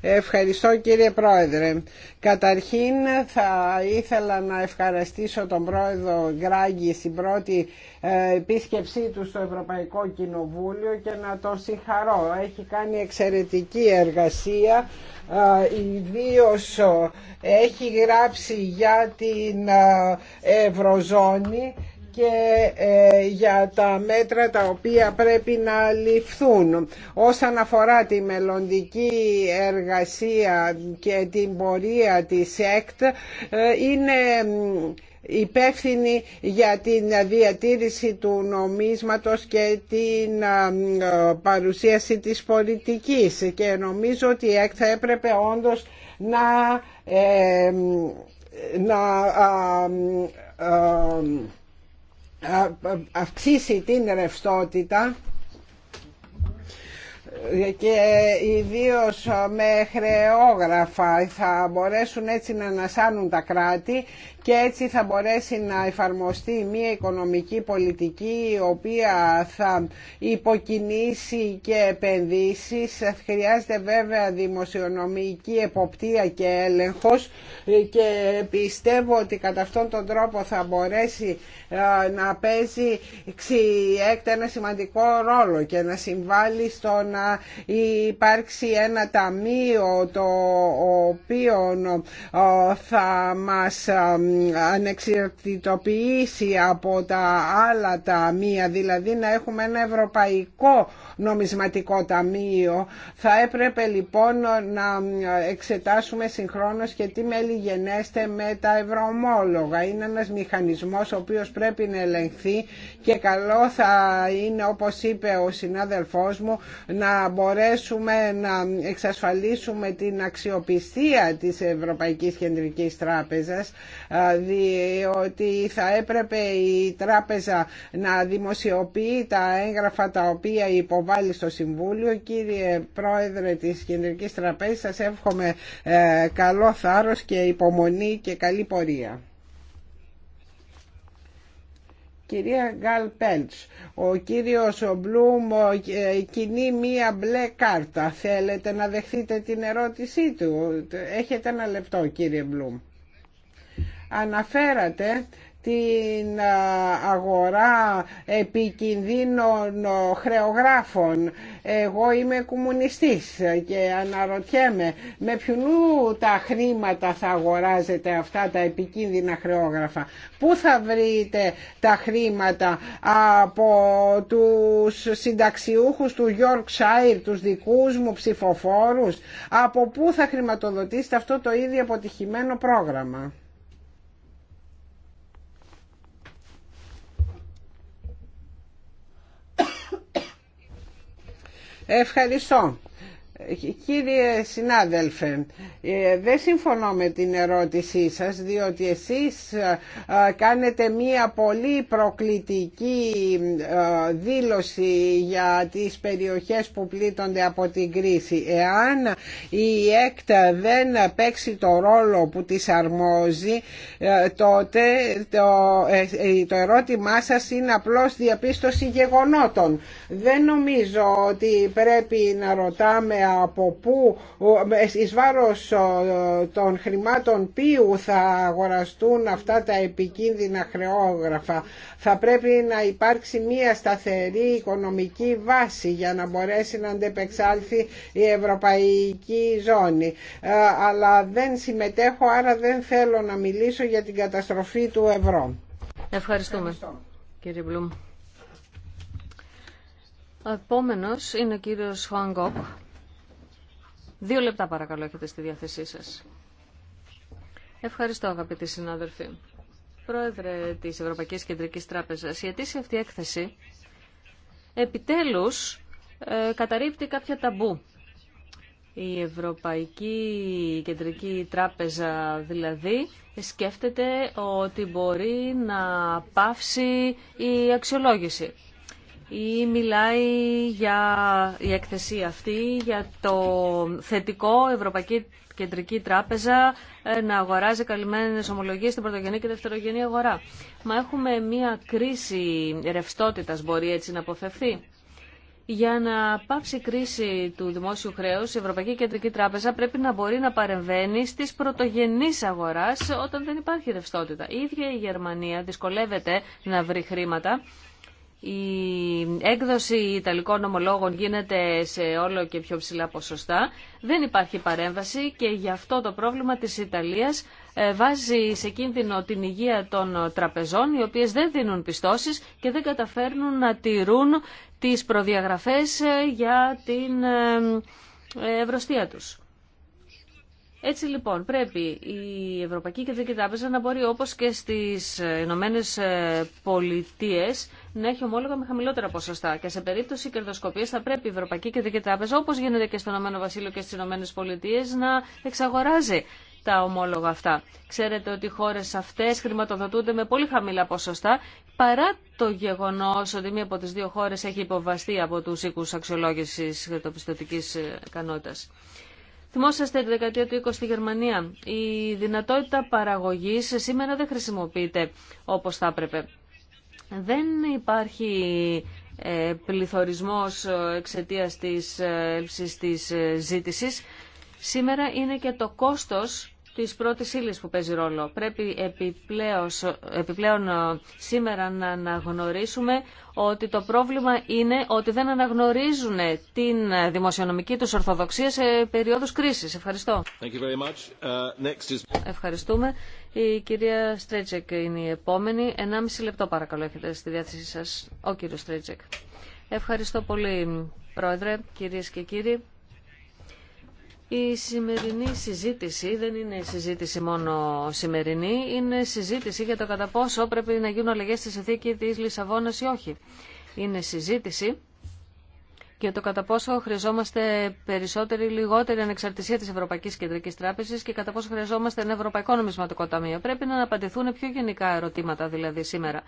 Ευχαριστώ κύριε Πρόεδρε. Καταρχήν θα ήθελα να ευχαριστήσω τον Πρόεδρο Γκράγκη στην πρώτη ε, επίσκεψή του στο Ευρωπαϊκό Κοινοβούλιο και να τον συγχαρώ. Έχει κάνει εξαιρετική εργασία ε, ιδίω ε, έχει γράψει για την Ευρωζώνη και ε, για τα μέτρα τα οποία πρέπει να ληφθούν. Όσον αφορά τη μελλοντική εργασία και την πορεία της ΕΚΤ ε, είναι υπεύθυνη για την διατήρηση του νομίσματος και την ε, παρουσίαση της πολιτικής και νομίζω ότι η ΕΚΤ θα έπρεπε όντως να, να αυξήσει την ρευστότητα και ιδίω με χρεόγραφα θα μπορέσουν έτσι να ανασάνουν τα κράτη και έτσι θα μπορέσει να εφαρμοστεί μια οικονομική πολιτική η οποία θα υποκινήσει και επενδύσεις. Χρειάζεται βέβαια δημοσιονομική εποπτεία και έλεγχος και πιστεύω ότι κατά αυτόν τον τρόπο θα μπορέσει ε, να παίζει ξιέκτα ένα σημαντικό ρόλο και να συμβάλλει στο να υπάρξει ένα ταμείο το οποίο ε, θα μας ε, ανεξαρτητοποιήσει από τα άλλα ταμεία, δηλαδή να έχουμε ένα ευρωπαϊκό νομισματικό ταμείο. Θα έπρεπε λοιπόν να εξετάσουμε συγχρόνως και τι γενέστε με τα ευρωομόλογα. Είναι ένας μηχανισμός ο οποίος πρέπει να ελεγχθεί και καλό θα είναι όπως είπε ο συνάδελφός μου να μπορέσουμε να εξασφαλίσουμε την αξιοπιστία της Ευρωπαϊκής Κεντρικής Τράπεζας ότι θα έπρεπε η τράπεζα να δημοσιοποιεί τα έγγραφα τα οποία υποβάλλει στο Συμβούλιο. Κύριε Πρόεδρε της Κεντρικής Τραπέζης, σας εύχομαι ε, καλό θάρρος και υπομονή και καλή πορεία. Κυρία Γκάλ Πέλτς, ο κύριος Μπλουμ ε, κινεί μία μπλε κάρτα. Θέλετε να δεχθείτε την ερώτησή του. Έχετε ένα λεπτό κύριε Μπλουμ. Αναφέρατε την αγορά επικινδύνων χρεογράφων. Εγώ είμαι κομμουνιστής και αναρωτιέμαι με ποιου τα χρήματα θα αγοράζετε αυτά τα επικίνδυνα χρεόγραφα. Πού θα βρείτε τα χρήματα από τους συνταξιούχους του Yorkshire, τους δικούς μου ψηφοφόρους, από πού θα χρηματοδοτήσετε αυτό το ίδιο αποτυχημένο πρόγραμμα. Ευχαριστώ. Κύριε συνάδελφε, ε, δεν συμφωνώ με την ερώτησή σας διότι εσείς ε, ε, κάνετε μία πολύ προκλητική δήλωση για τις περιοχές που πλήττονται από την κρίση. Εάν η ΕΚΤ δεν παίξει το ρόλο που της αρμόζει τότε το ερώτημά σας είναι απλώς διαπίστωση γεγονότων. Δεν νομίζω ότι πρέπει να ρωτάμε από πού εις βάρος των χρημάτων ποιου θα αγοραστούν αυτά τα επικίνδυνα χρεόγραφα. Θα πρέπει να υπάρξει μια σταθερή οικονομική βάση για να μπορέσει να αντεπεξάλθει η ευρωπαϊκή ζώνη. Ε, αλλά δεν συμμετέχω άρα δεν θέλω να μιλήσω για την καταστροφή του ευρώ. Ευχαριστούμε Ευχαριστώ. κύριε Μπλουμ. επόμενος είναι ο κύριος Χουάνγκοκ Δύο λεπτά παρακαλώ έχετε στη διάθεσή σας. Ευχαριστώ αγαπητοί συνάδελφοι. Πρόεδρε της Ευρωπαϊκής Κεντρικής Τράπεζας, η αιτήσια αυτή έκθεση επιτέλους ε, καταρρύπτει κάποια ταμπού. Η Ευρωπαϊκή Κεντρική Τράπεζα δηλαδή σκέφτεται ότι μπορεί να πάυσει η αξιολόγηση ή μιλάει για η έκθεση αυτή, για το θετικό Ευρωπαϊκή Κεντρική Τράπεζα ε, να αγοράζει καλυμμένες ομολογίες στην πρωτογενή και δευτερογενή αγορά. Μα έχουμε μία κρίση ρευστότητας μπορεί έτσι να αποφευθεί. Για να πάψει η κρίση του δημόσιου χρέους, η Ευρωπαϊκή Κεντρική Τράπεζα πρέπει να μπορεί να παρεμβαίνει στις πρωτογενείς αγοράς όταν δεν υπάρχει ρευστότητα. Η ίδια η Γερμανία δυσκολεύεται να βρει χρήματα η έκδοση Ιταλικών ομολόγων γίνεται σε όλο και πιο ψηλά ποσοστά. Δεν υπάρχει παρέμβαση και γι' αυτό το πρόβλημα της Ιταλίας ε, βάζει σε κίνδυνο την υγεία των τραπεζών, οι οποίες δεν δίνουν πιστώσεις και δεν καταφέρνουν να τηρούν τις προδιαγραφές ε, για την ε, ευρωστία τους. Έτσι λοιπόν πρέπει η Ευρωπαϊκή Κεντρική Τράπεζα να μπορεί όπως και στις Ηνωμένε Πολιτείε να έχει ομόλογα με χαμηλότερα ποσοστά και σε περίπτωση κερδοσκοπίας θα πρέπει η Ευρωπαϊκή Κεντρική Τράπεζα όπως γίνεται και στο Ηνωμένο Βασίλειο και στις Ηνωμένε Πολιτείε να εξαγοράζει τα ομόλογα αυτά. Ξέρετε ότι οι χώρε αυτέ χρηματοδοτούνται με πολύ χαμηλά ποσοστά παρά το γεγονό ότι μία από τι δύο χώρε έχει υποβαστεί από τους οίκου αξιολόγηση χρηματοπιστωτική ε, ικανότητας. Θυμόσαστε τη δεκαετία του 20 στη Γερμανία. Η δυνατότητα παραγωγής σήμερα δεν χρησιμοποιείται όπως θα έπρεπε. Δεν υπάρχει ε, πληθωρισμός εξαιτίας της ε, έλψης της ε, ζήτησης. Σήμερα είναι και το κόστος Τη πρώτη ύλη που παίζει ρόλο. Πρέπει επιπλέον, επιπλέον σήμερα να αναγνωρίσουμε ότι το πρόβλημα είναι ότι δεν αναγνωρίζουν την δημοσιονομική του ορθοδοξία σε περίοδους κρίσης. Ευχαριστώ. Uh, is... Ευχαριστούμε. Η κυρία Στρέτσεκ είναι η επόμενη. 1,5 λεπτό παρακαλώ έχετε στη διάθεσή σας. Ο κύριος Στρέτσεκ. Ευχαριστώ πολύ, Πρόεδρε, κυρίε και κύριοι. Η σημερινή συζήτηση δεν είναι συζήτηση μόνο σημερινή, είναι συζήτηση για το κατά πόσο πρέπει να γίνουν αλλαγέ στη συνθήκη τη Λισαβόνα ή όχι. Είναι συζήτηση για το κατά πόσο χρειαζόμαστε περισσότερη ή λιγότερη ανεξαρτησία τη Ευρωπαϊκή Κεντρική Τράπεζα και κατά πόσο χρειαζόμαστε ένα Ευρωπαϊκό Νομισματικό Ταμείο. Πρέπει να απαντηθούν πιο γενικά ερωτήματα δηλαδή σήμερα.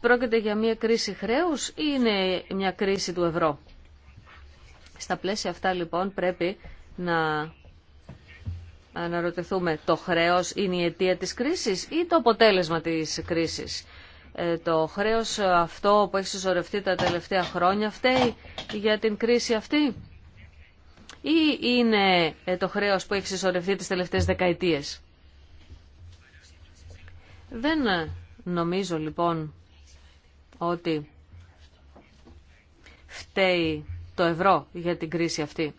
Πρόκειται για μια κρίση χρέου ή είναι μια κρίση του ευρώ. Στα πλαίσια αυτά λοιπόν πρέπει να αναρωτηθούμε το χρέος είναι η αιτία της κρίσης ή το αποτέλεσμα της κρίσης. Ε, το χρέος αυτό που έχει συσσωρευτεί τα τελευταία χρόνια φταίει για την κρίση αυτή ή είναι ε, το χρέος που έχει συσσωρευτεί τις τελευταίες δεκαετίες. Δεν νομίζω λοιπόν ότι φταίει το ευρώ για την κρίση αυτή.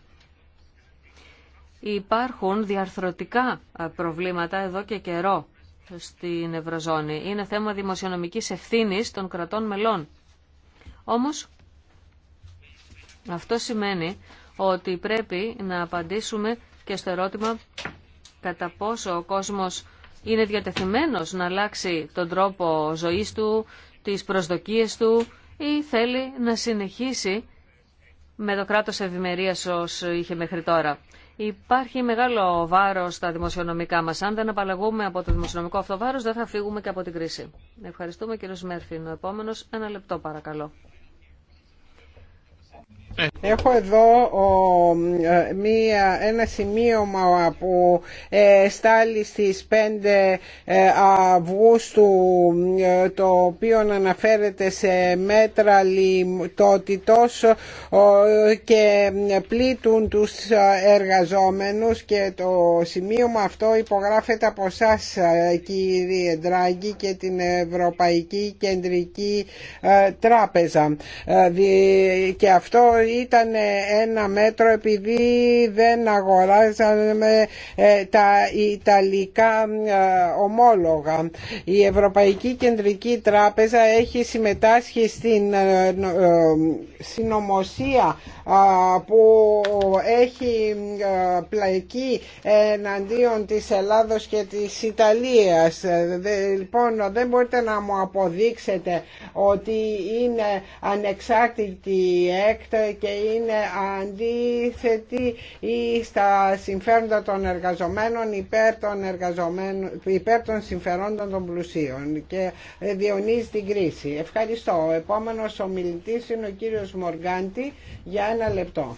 Υπάρχουν διαρθρωτικά ε, προβλήματα εδώ και καιρό στην Ευρωζώνη. Είναι θέμα δημοσιονομικής ευθύνης των κρατών μελών. Όμως, αυτό σημαίνει ότι πρέπει να απαντήσουμε και στο ερώτημα κατά πόσο ο κόσμος είναι διατεθειμένος να αλλάξει τον τρόπο ζωής του, τις προσδοκίες του ή θέλει να συνεχίσει με το κράτος ευημερίας όσο είχε μέχρι τώρα. Υπάρχει μεγάλο βάρος στα δημοσιονομικά μας. Αν δεν απαλλαγούμε από το δημοσιονομικό αυτό βάρος, δεν θα φύγουμε και από την κρίση. Ευχαριστούμε κύριο Μέρφυν. Ο επόμενος, ένα λεπτό παρακαλώ. Έχω εδώ ε, μία, ένα σημείωμα που ε, στάλει στις 5 ε, Αυγούστου ε, το οποίο αναφέρεται σε μέτρα ε, και πλήττουν τους εργαζόμενους και το σημείωμα αυτό υπογράφεται από εσά κύριε Ντράγκη και την Ευρωπαϊκή Κεντρική Τράπεζα και αυτό ήταν ε, ένα μέτρο επειδή δεν αγοράζαμε ε, τα Ιταλικά ε, ομόλογα. Η Ευρωπαϊκή Κεντρική Τράπεζα έχει συμμετάσχει στην συνωμοσία που έχει πλαϊκή εναντίον της Ελλάδος και της Ιταλίας. Λοιπόν, δεν μπορείτε να μου αποδείξετε ότι είναι ανεξάρτητη η και είναι αντίθετη ή στα συμφέροντα των εργαζομένων υπέρ των, εργαζομένων, υπέρ των συμφερόντων των πλουσίων και διονύζει την κρίση. Ευχαριστώ. Ο επόμενος ομιλητής είναι ο κύριος Μοργάντη για ένα λεπτό.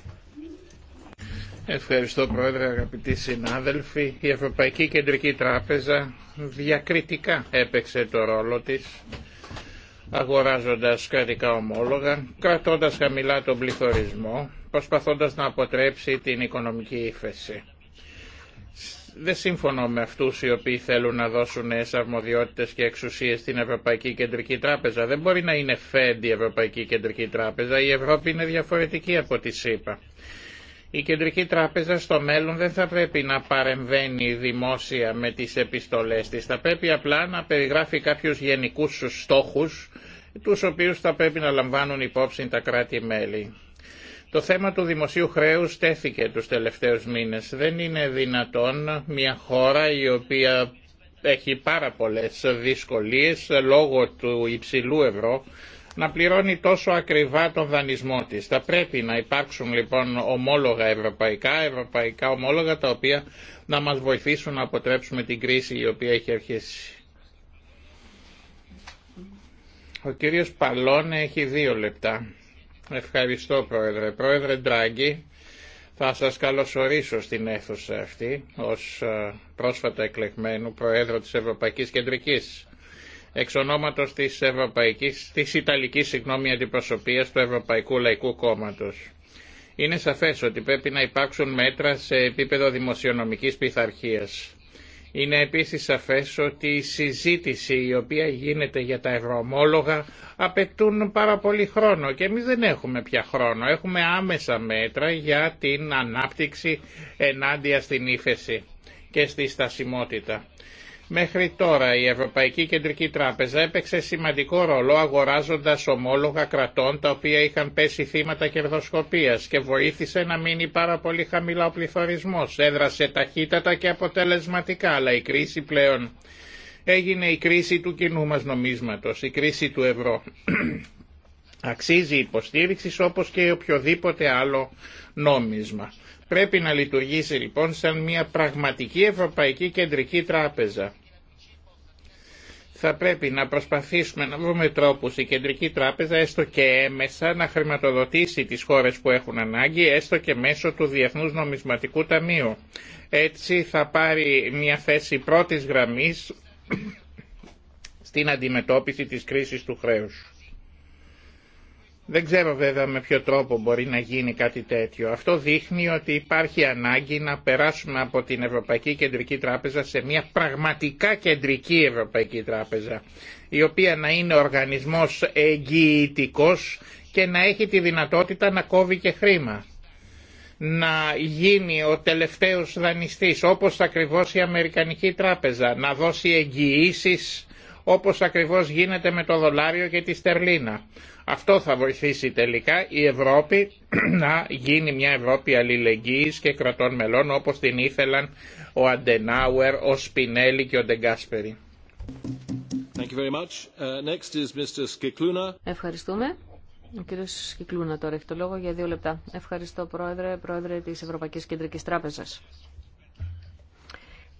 Ευχαριστώ Πρόεδρε αγαπητοί συνάδελφοι. Η Ευρωπαϊκή Κεντρική Τράπεζα διακριτικά έπαιξε το ρόλο της αγοράζοντας κρατικά ομόλογα, κρατώντας χαμηλά τον πληθωρισμό, προσπαθώντας να αποτρέψει την οικονομική ύφεση. Δεν σύμφωνο με αυτούς οι οποίοι θέλουν να δώσουν νέε αρμοδιότητες και εξουσίες στην Ευρωπαϊκή Κεντρική Τράπεζα. Δεν μπορεί να είναι φέντη η Ευρωπαϊκή Κεντρική Τράπεζα. Η Ευρώπη είναι διαφορετική από τη ΣΥΠΑ. Η Κεντρική Τράπεζα στο μέλλον δεν θα πρέπει να παρεμβαίνει δημόσια με τις επιστολές της. Θα πρέπει απλά να περιγράφει κάποιους γενικούς στόχους, τους οποίους θα πρέπει να λαμβάνουν υπόψη τα κράτη-μέλη. Το θέμα του δημοσίου χρέους τέθηκε τους τελευταίους μήνες. Δεν είναι δυνατόν μια χώρα η οποία έχει πάρα πολλές δυσκολίες λόγω του υψηλού ευρώ να πληρώνει τόσο ακριβά τον δανεισμό της. Θα πρέπει να υπάρξουν λοιπόν ομόλογα ευρωπαϊκά, ευρωπαϊκά ομόλογα τα οποία να μας βοηθήσουν να αποτρέψουμε την κρίση η οποία έχει αρχίσει. Ο κύριος Παλών έχει δύο λεπτά. Ευχαριστώ Πρόεδρε. Πρόεδρε Ντράγκη, θα σας καλωσορίσω στην αίθουσα αυτή ως ε, πρόσφατα εκλεγμένου Προέδρο της Ευρωπαϊκής Κεντρικής εξ ονόματος της, Ευρωπαϊκής, της Ιταλικής συγγνώμη, αντιπροσωπείας του Ευρωπαϊκού Λαϊκού Κόμματος. Είναι σαφές ότι πρέπει να υπάρξουν μέτρα σε επίπεδο δημοσιονομικής πειθαρχία. Είναι επίσης σαφές ότι η συζήτηση η οποία γίνεται για τα ευρωομόλογα απαιτούν πάρα πολύ χρόνο και εμείς δεν έχουμε πια χρόνο. Έχουμε άμεσα μέτρα για την ανάπτυξη ενάντια στην ύφεση και στη στασιμότητα. Μέχρι τώρα η Ευρωπαϊκή Κεντρική Τράπεζα έπαιξε σημαντικό ρόλο αγοράζοντας ομόλογα κρατών τα οποία είχαν πέσει θύματα κερδοσκοπίας και βοήθησε να μείνει πάρα πολύ χαμηλά ο πληθωρισμός. Έδρασε ταχύτατα και αποτελεσματικά, αλλά η κρίση πλέον έγινε η κρίση του κοινού μας νομίσματος, η κρίση του ευρώ. (clears throat) Αξίζει υποστήριξη όπως και οποιοδήποτε άλλο νόμισμα. Πρέπει να λειτουργήσει λοιπόν σαν μια πραγματική Ευρωπαϊκή Κεντρική Τράπεζα θα πρέπει να προσπαθήσουμε να βρούμε τρόπους η Κεντρική Τράπεζα έστω και έμεσα να χρηματοδοτήσει τις χώρες που έχουν ανάγκη έστω και μέσω του Διεθνούς Νομισματικού Ταμείου. Έτσι θα πάρει μια θέση πρώτης γραμμής στην αντιμετώπιση της κρίσης του χρέους. Δεν ξέρω βέβαια με ποιο τρόπο μπορεί να γίνει κάτι τέτοιο. Αυτό δείχνει ότι υπάρχει ανάγκη να περάσουμε από την Ευρωπαϊκή Κεντρική Τράπεζα σε μια πραγματικά κεντρική Ευρωπαϊκή Τράπεζα, η οποία να είναι οργανισμός εγγυητικός και να έχει τη δυνατότητα να κόβει και χρήμα. Να γίνει ο τελευταίος δανειστής, όπως ακριβώς η Αμερικανική Τράπεζα, να δώσει εγγυήσεις όπως ακριβώς γίνεται με το δολάριο και τη στερλίνα. Αυτό θα βοηθήσει τελικά η Ευρώπη (clears throat) να γίνει μια Ευρώπη αλληλεγγύης και κρατών μελών όπως την ήθελαν ο Αντενάουερ, ο Σπινέλη και ο Ντεγκάσπερη. Uh, Ευχαριστούμε. Ο κύριο Σκυκλούνα τώρα έχει το λόγο για δύο λεπτά. Ευχαριστώ, Πρόεδρε, Πρόεδρε τη Ευρωπαϊκή Κεντρική Τράπεζα.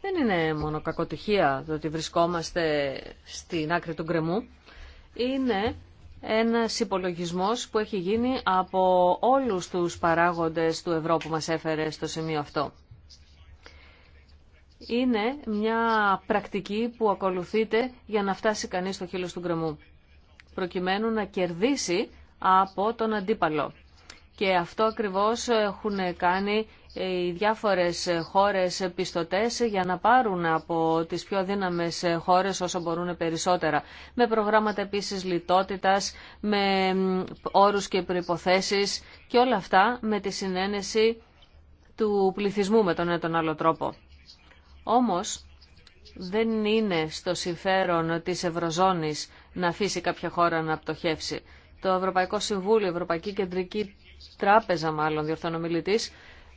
Δεν είναι μόνο κακοτυχία το ότι βρισκόμαστε στην άκρη του γκρεμού. Είναι ένας υπολογισμός που έχει γίνει από όλους τους παράγοντες του ευρώ που μας έφερε στο σημείο αυτό. Είναι μια πρακτική που ακολουθείται για να φτάσει κανείς στο χείλος του γκρεμού, προκειμένου να κερδίσει από τον αντίπαλο. Και αυτό ακριβώς έχουν κάνει ε, οι διάφορες χώρες πιστωτές για να πάρουν από τις πιο δύναμες χώρες όσο μπορούν περισσότερα. Με προγράμματα επίσης λιτότητας, με όρους και προϋποθέσεις και όλα αυτά με τη συνένεση του πληθυσμού με τον ένα τον άλλο τρόπο. Όμως δεν είναι στο συμφέρον της Ευρωζώνης να αφήσει κάποια χώρα να πτωχεύσει. Το Ευρωπαϊκό Συμβούλιο, η Ευρωπαϊκή Κεντρική Τράπεζα μάλλον μιλητής,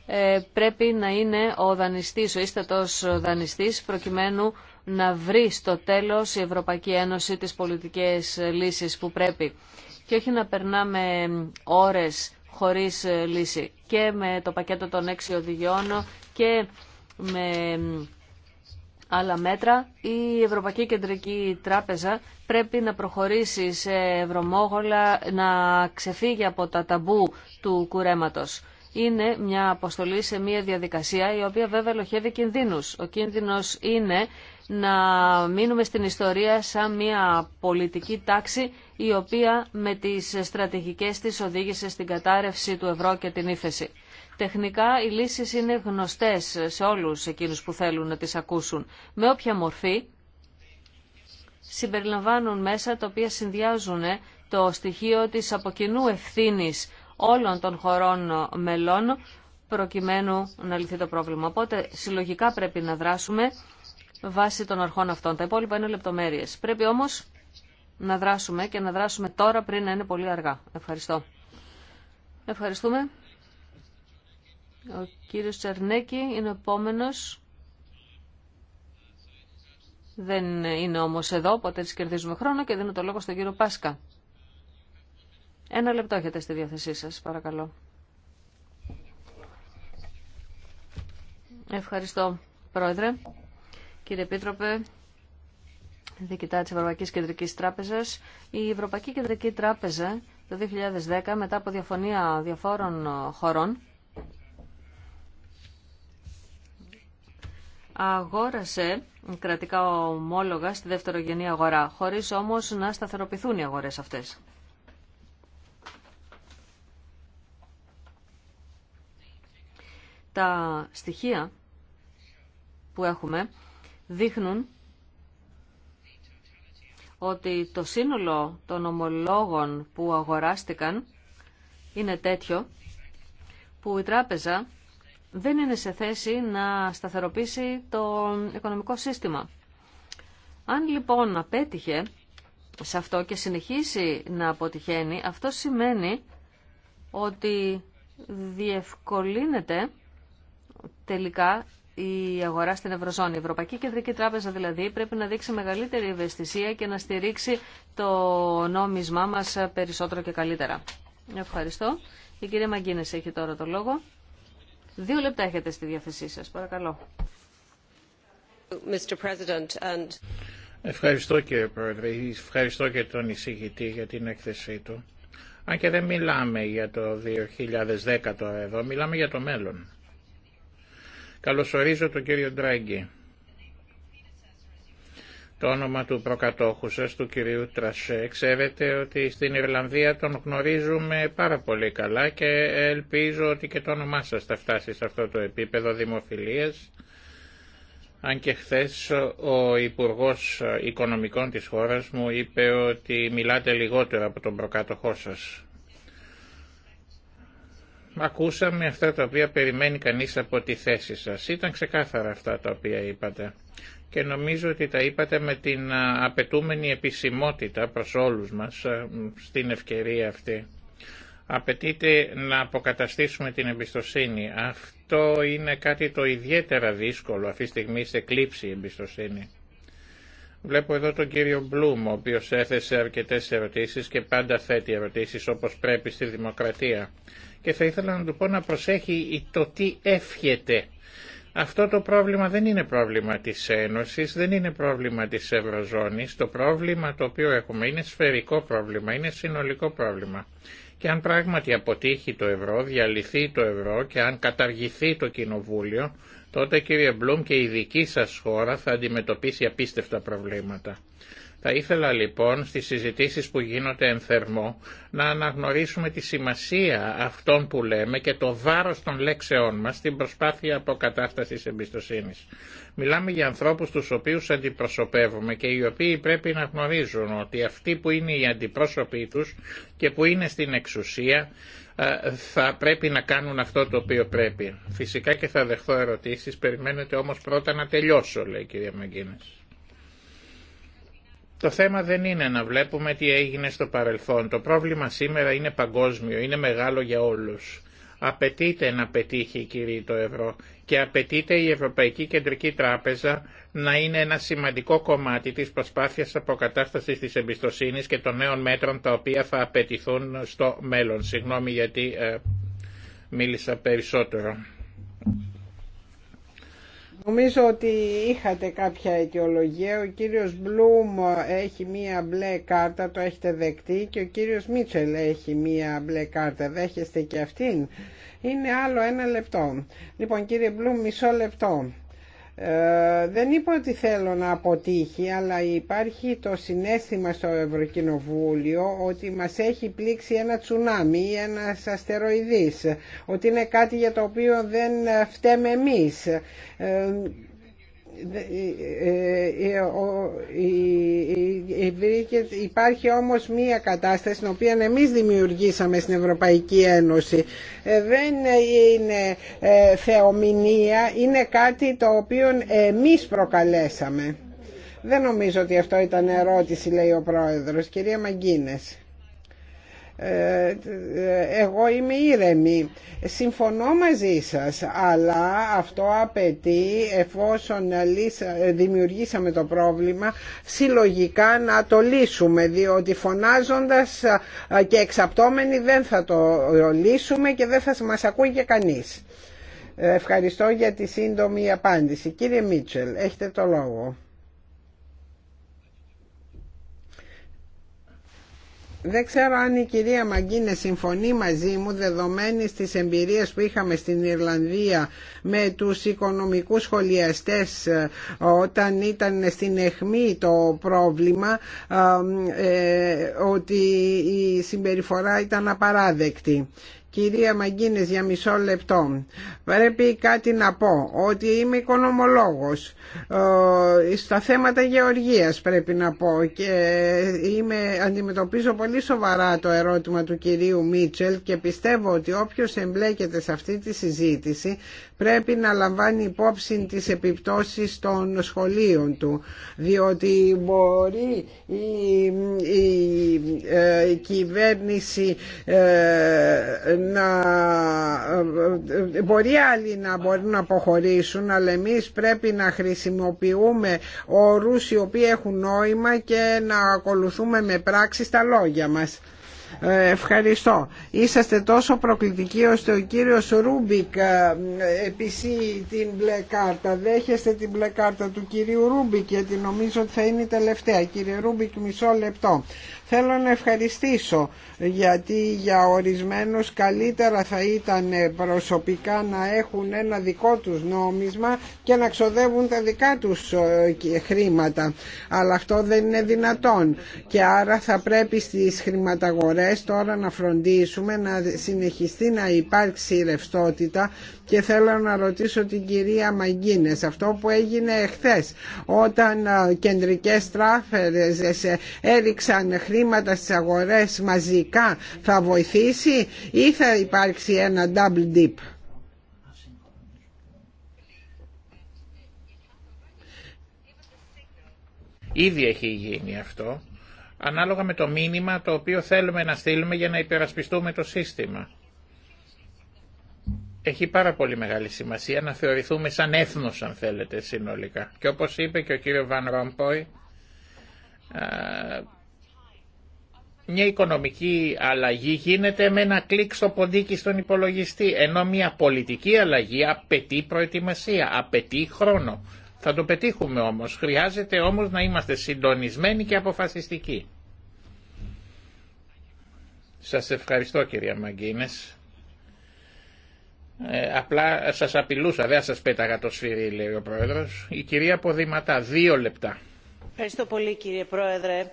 ε, πρέπει να είναι ο δανειστής, ο ίστατος δανειστής, προκειμένου να βρει στο τέλος η Ευρωπαϊκή Ένωση τις πολιτικές λύσεις που πρέπει. Και όχι να περνάμε ώρες χωρίς λύση. Και με το πακέτο των έξι οδηγιών και με άλλα μέτρα, η Ευρωπαϊκή Κεντρική Τράπεζα πρέπει να προχωρήσει σε ευρωμόγολα, να ξεφύγει από τα ταμπού του κουρέματος είναι μια αποστολή σε μια διαδικασία η οποία βέβαια ελοχεύει κινδύνους. Ο κίνδυνος είναι να μείνουμε στην ιστορία σαν μια πολιτική τάξη η οποία με τις στρατηγικές της οδήγησε στην κατάρρευση του ευρώ και την ύφεση. Τεχνικά οι λύσεις είναι γνωστές σε όλους εκείνους που θέλουν να τις ακούσουν. Με όποια μορφή συμπεριλαμβάνουν μέσα τα οποία συνδυάζουν το στοιχείο της αποκοινού ευθύνης όλων των χωρών μελών προκειμένου να λυθεί το πρόβλημα. Οπότε συλλογικά πρέπει να δράσουμε βάσει των αρχών αυτών. Τα υπόλοιπα είναι λεπτομέρειες. Πρέπει όμως να δράσουμε και να δράσουμε τώρα πριν να είναι πολύ αργά. Ευχαριστώ. Ευχαριστούμε. Ο κύριος Τσαρνέκη είναι επόμενος. Δεν είναι όμως εδώ, οπότε έτσι κερδίζουμε χρόνο και δίνω το λόγο στον κύριο Πάσκα. Ένα λεπτό έχετε στη διάθεσή σας, παρακαλώ. Ευχαριστώ, Πρόεδρε. Κύριε Επίτροπε, διοικητά της Ευρωπαϊκής Κεντρικής Τράπεζας, η Ευρωπαϊκή Κεντρική Τράπεζα το 2010, μετά από διαφωνία διαφόρων χωρών, αγόρασε κρατικά ομόλογα στη δευτερογενή αγορά, χωρίς όμως να σταθεροποιηθούν οι αγορές αυτές. Τα στοιχεία που έχουμε δείχνουν ότι το σύνολο των ομολόγων που αγοράστηκαν είναι τέτοιο που η τράπεζα δεν είναι σε θέση να σταθεροποιήσει το οικονομικό σύστημα. Αν λοιπόν απέτυχε σε αυτό και συνεχίσει να αποτυχαίνει, αυτό σημαίνει ότι διευκολύνεται τελικά η αγορά στην Ευρωζώνη. Η Ευρωπαϊκή Κεντρική Τράπεζα δηλαδή πρέπει να δείξει μεγαλύτερη ευαισθησία και να στηρίξει το νόμισμά μας περισσότερο και καλύτερα. Ευχαριστώ. Η κυρία Μαγκίνες έχει τώρα το λόγο. Δύο λεπτά έχετε στη διάθεσή σας. Παρακαλώ. Ευχαριστώ κύριε Πρόεδρε. Ευχαριστώ και τον εισηγητή για την έκθεσή του. Αν και δεν μιλάμε για το 2010 τώρα εδώ, μιλάμε για το μέλλον. Καλωσορίζω τον κύριο Ντράγκη. Το όνομα του προκατόχου σας, του κυρίου Τρασέ, ξέρετε ότι στην Ιρλανδία τον γνωρίζουμε πάρα πολύ καλά και ελπίζω ότι και το όνομά σας θα φτάσει σε αυτό το επίπεδο δημοφιλίας. Αν και χθε ο Υπουργός Οικονομικών της χώρας μου είπε ότι μιλάτε λιγότερο από τον προκάτοχό σας. Ακούσαμε αυτά τα οποία περιμένει κανείς από τη θέση σας. Ήταν ξεκάθαρα αυτά τα οποία είπατε. Και νομίζω ότι τα είπατε με την απαιτούμενη επισημότητα προς όλους μας στην ευκαιρία αυτή. Απαιτείται να αποκαταστήσουμε την εμπιστοσύνη. Αυτό είναι κάτι το ιδιαίτερα δύσκολο αυτή τη στιγμή σε κλείψη η εμπιστοσύνη. Βλέπω εδώ τον κύριο Μπλουμ, ο οποίος έθεσε αρκετές ερωτήσεις και πάντα θέτει ερωτήσεις όπως πρέπει στη δημοκρατία και θα ήθελα να του πω να προσέχει το τι εύχεται. Αυτό το πρόβλημα δεν είναι πρόβλημα της Ένωσης, δεν είναι πρόβλημα της Ευρωζώνης. Το πρόβλημα το οποίο έχουμε είναι σφαιρικό πρόβλημα, είναι συνολικό πρόβλημα. Και αν πράγματι αποτύχει το ευρώ, διαλυθεί το ευρώ και αν καταργηθεί το κοινοβούλιο, τότε κύριε Μπλουμ και η δική σας χώρα θα αντιμετωπίσει απίστευτα προβλήματα. Θα ήθελα λοιπόν στις συζητήσεις που γίνονται εν θερμό να αναγνωρίσουμε τη σημασία αυτών που λέμε και το βάρος των λέξεών μας στην προσπάθεια αποκατάστασης εμπιστοσύνης. Μιλάμε για ανθρώπους τους οποίους αντιπροσωπεύουμε και οι οποίοι πρέπει να γνωρίζουν ότι αυτοί που είναι οι αντιπρόσωποι τους και που είναι στην εξουσία ε, θα πρέπει να κάνουν αυτό το οποίο πρέπει. Φυσικά και θα δεχθώ ερωτήσεις, περιμένετε όμως πρώτα να τελειώσω, λέει η κυρία Μαγκίνες. Το θέμα δεν είναι να βλέπουμε τι έγινε στο παρελθόν. Το πρόβλημα σήμερα είναι παγκόσμιο, είναι μεγάλο για όλους. Απαιτείται να πετύχει η κυρία το ευρώ και απαιτείται η Ευρωπαϊκή Κεντρική Τράπεζα να είναι ένα σημαντικό κομμάτι της προσπάθειας αποκατάστασης της εμπιστοσύνης και των νέων μέτρων τα οποία θα απαιτηθούν στο μέλλον. Συγγνώμη γιατί ε, μίλησα περισσότερο. Νομίζω ότι είχατε κάποια αιτιολογία. Ο κύριος Μπλουμ έχει μία μπλε κάρτα, το έχετε δεκτεί και ο κύριος Μίτσελ έχει μία μπλε κάρτα. Δέχεστε και αυτήν. Είναι άλλο ένα λεπτό. Λοιπόν κύριε Μπλουμ μισό λεπτό. Ε, δεν είπα ότι θέλω να αποτύχει, αλλά υπάρχει το συνέστημα στο Ευρωκοινοβούλιο ότι μας έχει πλήξει ένα τσουνάμι ή ένας αστεροειδής, ότι είναι κάτι για το οποίο δεν φταίμε εμείς. Ε, Υπάρχει όμως μία κατάσταση την οποία εμείς δημιουργήσαμε στην Ευρωπαϊκή Ένωση. Δεν είναι θεομηνία, είναι κάτι το οποίο εμείς προκαλέσαμε. Δεν νομίζω ότι αυτό ήταν ερώτηση, λέει ο Πρόεδρος. Κυρία Μαγκίνες. Ε, εγώ είμαι ήρεμη. Συμφωνώ μαζί σας, αλλά αυτό απαιτεί εφόσον δημιουργήσαμε το πρόβλημα συλλογικά να το λύσουμε, διότι φωνάζοντας ε, και εξαπτώμενοι δεν θα το λύσουμε και δεν θα μας ακούει και κανείς. Ε, ευχαριστώ για τη σύντομη απάντηση. Κύριε Μίτσελ, έχετε το λόγο. Δεν ξέρω αν η κυρία Μαγκίνε συμφωνεί μαζί μου δεδομένη στις εμπειρίες που είχαμε στην Ιρλανδία με τους οικονομικούς σχολιαστές ε, όταν ήταν στην εχμή το πρόβλημα ε, ε, ότι η συμπεριφορά ήταν απαράδεκτη. Κυρία Μαγκίνες για μισό λεπτό πρέπει κάτι να πω ότι είμαι οικονομολόγος ε, στα θέματα γεωργίας πρέπει να πω και είμαι, αντιμετωπίζω πολύ σοβαρά το ερώτημα του κυρίου Μίτσελ και πιστεύω ότι όποιος εμπλέκεται σε αυτή τη συζήτηση πρέπει να λαμβάνει υπόψη τις επιπτώσεις των σχολείων του διότι μπορεί η, η, ε, κυβέρνηση ε, να ε, ε, μπορεί άλλοι να μπορούν να αποχωρήσουν αλλά εμείς πρέπει να χρησιμοποιούμε όρους οι οποίοι έχουν νόημα και να ακολουθούμε με πράξη τα λόγια μας. Ε, ευχαριστώ. Είσαστε τόσο προκλητικοί ώστε ο κύριο Ρούμπικ επισύει την μπλε κάρτα. Δέχεστε την μπλε κάρτα του κυρίου Ρούμπικ γιατί νομίζω ότι θα είναι η τελευταία. Κύριε Ρούμπικ μισό λεπτό. Θέλω να ευχαριστήσω γιατί για ορισμένους καλύτερα θα ήταν προσωπικά να έχουν ένα δικό τους νόμισμα και να ξοδεύουν τα δικά τους ε, χρήματα. Αλλά αυτό δεν είναι δυνατόν και άρα θα πρέπει στις χρηματαγορές τώρα να φροντίσουμε να συνεχιστεί να υπάρξει ρευστότητα και θέλω να ρωτήσω την κυρία Μαγκίνες αυτό που έγινε εχθές όταν ε, κεντρικές τράπεζες ε, έριξαν χρήματα στις αγορές μαζικά θα βοηθήσει ή θα υπάρξει ένα double dip. Ήδη έχει γίνει αυτό, ανάλογα με το μήνυμα το οποίο θέλουμε να στείλουμε για να υπερασπιστούμε το σύστημα έχει πάρα πολύ μεγάλη σημασία να θεωρηθούμε σαν έθνος αν θέλετε συνολικά. Και όπως είπε και ο κύριο Βαν Ρομπόι, μια οικονομική αλλαγή γίνεται με ένα κλικ στο ποντίκι στον υπολογιστή, ενώ μια πολιτική αλλαγή απαιτεί προετοιμασία, απαιτεί χρόνο. Θα το πετύχουμε όμως, χρειάζεται όμως να είμαστε συντονισμένοι και αποφασιστικοί. Σας ευχαριστώ κυρία Μαγκίνες. Ε, απλά σα απειλούσα, δεν σα πέταγα το σφυρί, λέει ο Πρόεδρο. Η κυρία Ποδηματά, δύο λεπτά. Ευχαριστώ πολύ κύριε Πρόεδρε.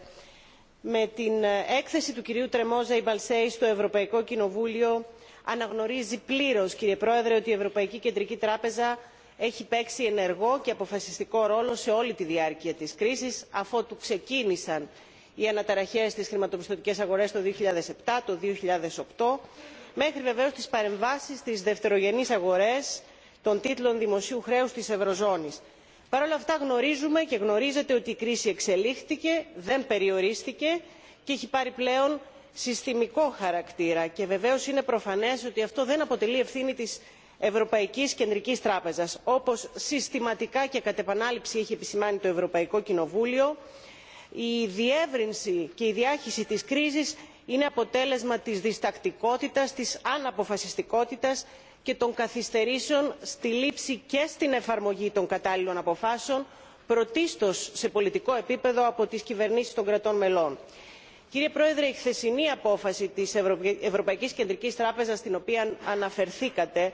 Με την ε, έκθεση του κυρίου Τρεμόζα η Μπαλσέη στο Ευρωπαϊκό Κοινοβούλιο αναγνωρίζει πληρω κύριε Πρόεδρε, ότι η Ευρωπαϊκή Κεντρική Τράπεζα έχει παίξει ενεργό και αποφασιστικό ρόλο σε όλη τη διάρκεια της κρίσης, αφότου ξεκίνησαν οι αναταραχές στις χρηματοπιστωτικές αγορές το 2007, το 2008 μέχρι βεβαίω τι παρεμβάσει στι δευτερογενεί αγορέ των τίτλων δημοσίου χρέου τη ευρωζώνη. παρ' όλα αυτά γνωρίζουμε και γνωρίζετε ότι η κρίση εξελίχθηκε δεν περιορίστηκε και έχει πάρει πλέον συστημικό χαρακτήρα και βεβαίω είναι προφανέ ότι αυτό δεν αποτελεί ευθύνη τη ευρωπαϊκή κεντρική τράπεζα όπω συστηματικά και κατ' επανάληψη έχει επισημάνει το ευρωπαϊκό κοινοβούλιο η διεύρυνση και η διάχυση της κρίσης είναι αποτέλεσμα της διστακτικότητας της αναποφασιστικότητας και των καθυστερήσεων στη λήψη και στην εφαρμογή των κατάλληλων αποφάσεων πρωτίστως σε πολιτικό επίπεδο από τις κυβερνήσεις των κρατών μελών. κύριε πρόεδρε η χθεσινή απόφαση της ευρωπαϊκής κεντρικής τράπεζας στην οποία αναφερθήκατε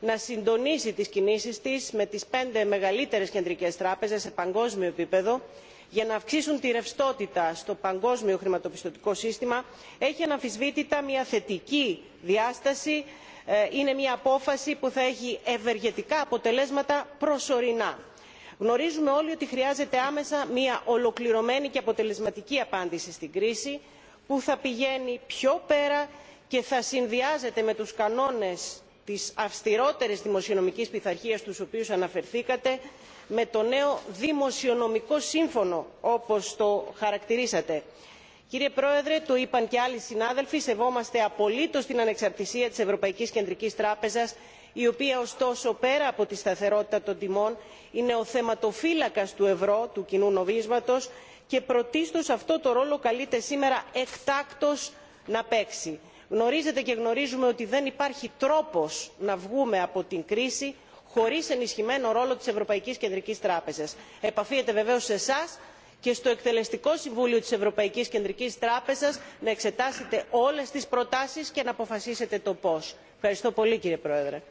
να συντονίσει τις κινήσεις της με τις πέντε μεγαλύτερες κεντρικές τράπεζες σε παγκόσμιο επίπεδο για να αυξήσουν τη ρευστότητα στο παγκόσμιο χρηματοπιστωτικό σύστημα έχει αναμφισβήτητα μια θετική διάσταση ε, είναι μια απόφαση που θα έχει ευεργετικά αποτελέσματα προσωρινά. γνωρίζουμε όλοι ότι χρειάζεται άμεσα μια ολοκληρωμένη και αποτελεσματική απάντηση στην κρίση που θα πηγαίνει πιο πέρα και θα συνδυάζεται με τους κανόνες της αυστηρότερης δημοσιονομικής πειθαρχίας στους οποίους αναφερθήκατε με το νέο δημοσιονομικό σύμφωνο όπως το χαρακτηρίσατε. κύριε πρόεδρε το είπαν και άλλοι συνάδελφοι σεβόμαστε απολύτως την ανεξαρτησία της ευρωπαϊκής κεντρικής τράπεζας η οποία ωστόσο πέρα από τη σταθερότητα των τιμών είναι ο θεματοφύλακας του ευρώ του κοινού νομίσματος και πρωτίστως αυτό το ρόλο καλείται σήμερα εκτάκτως να παίξει. γνωρίζετε και γνωρίζουμε ότι δεν υπάρχει τρόπος να βγούμε από την κρίση Χωρί ενισχυμένο ρόλο της ευρωπαϊκής κεντρικής τράπεζας. επαφίεται βεβαίω σε εσά και στο εκτελεστικό συμβούλιο της ευρωπαϊκής κεντρικής τράπεζας να εξετάσετε όλες τις προτάσεις και να αποφασίσετε το πώς. ευχαριστώ πολύ κύριε πρόεδρε.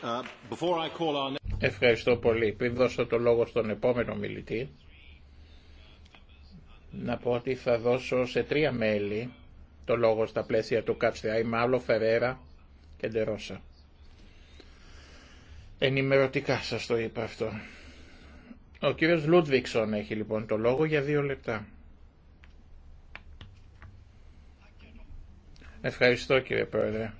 Uh, ευχαριστώ πολύ. Πριν δώσω το λόγο στον επόμενο μιλητή, να πω ότι θα δώσω σε τρία μέλη το λόγο στα πλαίσια του ΚΑΤΣΤΙΑΙ, Μάλλο, Φερέρα και Ντερόσα. Ενημερωτικά σας το είπα αυτό. Ο κύριος Λούντβικσον έχει λοιπόν το λόγο για δύο λεπτά. Ευχαριστώ κύριε Πρόεδρε.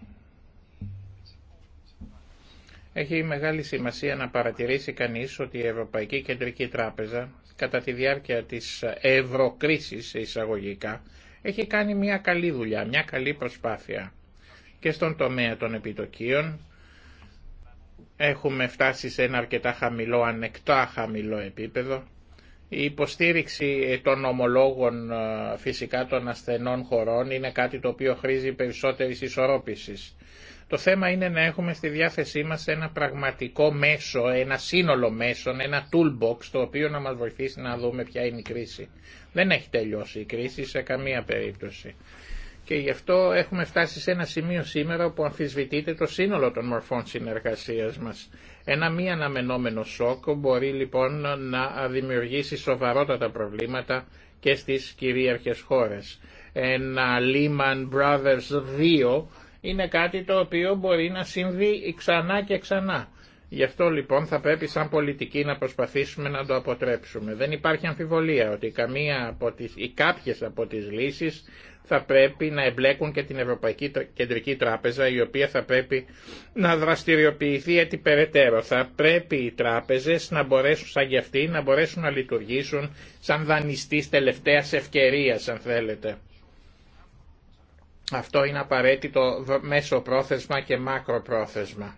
Έχει μεγάλη σημασία να παρατηρήσει κανείς ότι η Ευρωπαϊκή Κεντρική Τράπεζα κατά τη διάρκεια της ευρωκρίσης εισαγωγικά έχει κάνει μια καλή δουλειά, μια καλή προσπάθεια. Και στον τομέα των επιτοκίων έχουμε φτάσει σε ένα αρκετά χαμηλό, ανεκτά χαμηλό επίπεδο. Η υποστήριξη ε, των ομολόγων ε, φυσικά των ασθενών χωρών είναι κάτι το οποίο χρήζει περισσότερη ισορρόπησης. Το θέμα είναι να έχουμε στη διάθεσή μας ένα πραγματικό μέσο, ένα σύνολο μέσων, ένα toolbox το οποίο να μας βοηθήσει να δούμε ποια είναι η κρίση. Δεν έχει τελειώσει η κρίση σε καμία περίπτωση. Και γι' αυτό έχουμε φτάσει σε ένα σημείο σήμερα που αμφισβητείται το σύνολο των μορφών συνεργασίας μας. Ένα μη αναμενόμενο σοκ μπορεί λοιπόν να δημιουργήσει σοβαρότατα προβλήματα και στις κυρίαρχες χώρες. Ένα Lehman Brothers 2 είναι κάτι το οποίο μπορεί να συμβεί ξανά και ξανά. Γι' αυτό λοιπόν θα πρέπει σαν πολιτικοί να προσπαθήσουμε να το αποτρέψουμε. Δεν υπάρχει αμφιβολία ότι καμία από τις, ή κάποιες από τις λύσεις θα πρέπει να εμπλέκουν και την Ευρωπαϊκή Κεντρική Τράπεζα η οποία θα πρέπει να δραστηριοποιηθεί έτσι Θα πρέπει οι τράπεζες να μπορέσουν σαν γι' αυτοί, να μπορέσουν να λειτουργήσουν σαν δανειστής τελευταίας ευκαιρίας αν θέλετε. Αυτό είναι απαραίτητο μέσο πρόθεσμα και μάκρο πρόθεσμα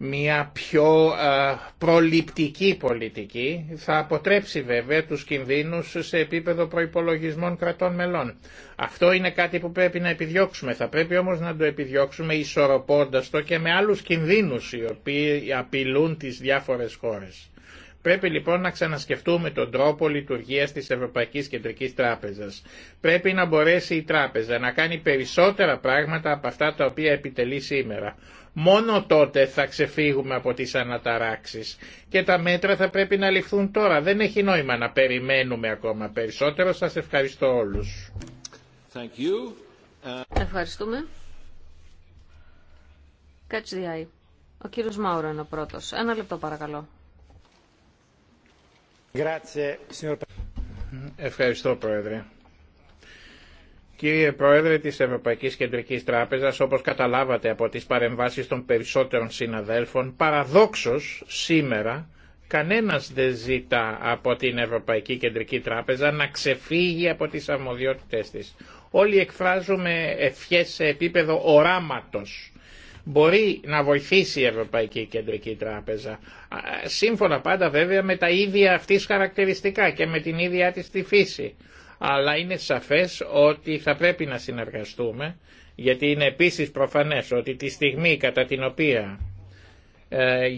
μια πιο ε, προληπτική πολιτική θα αποτρέψει βέβαια τους κινδύνους σε επίπεδο προϋπολογισμών κρατών μελών. Αυτό είναι κάτι που πρέπει να επιδιώξουμε. Θα πρέπει όμως να το επιδιώξουμε ισορροπώντας το και με άλλους κινδύνους οι οποίοι απειλούν τις διάφορες χώρες. Πρέπει λοιπόν να ξανασκεφτούμε τον τρόπο λειτουργία τη Ευρωπαϊκή Κεντρική Τράπεζα. Πρέπει να μπορέσει η τράπεζα να κάνει περισσότερα πράγματα από αυτά τα οποία επιτελεί σήμερα. Μόνο τότε θα ξεφύγουμε από τις αναταράξεις και τα μέτρα θα πρέπει να ληφθούν τώρα. Δεν έχει νόημα να περιμένουμε ακόμα περισσότερο. Σας ευχαριστώ όλους. Thank you. Ε, Ευχαριστούμε. Catch the eye. Ο κύριος Μάουρο είναι ο πρώτος. Ένα λεπτό παρακαλώ. Ευχαριστώ Πρόεδρε. Κύριε Πρόεδρε της Ευρωπαϊκής Κεντρικής Τράπεζας, όπως καταλάβατε από τις παρεμβάσεις των περισσότερων συναδέλφων, παραδόξως σήμερα κανένας δεν ζητά από την Ευρωπαϊκή Κεντρική Τράπεζα να ξεφύγει από τις αρμοδιότητές της. Όλοι εκφράζουμε ευχές σε επίπεδο οράματος. Μπορεί να βοηθήσει η Ευρωπαϊκή Κεντρική Τράπεζα. Σύμφωνα πάντα βέβαια με τα ίδια αυτής χαρακτηριστικά και με την ίδια της τη φύση αλλά είναι σαφές ότι θα πρέπει να συνεργαστούμε, γιατί είναι επίσης προφανές ότι τη στιγμή κατά την οποία ε,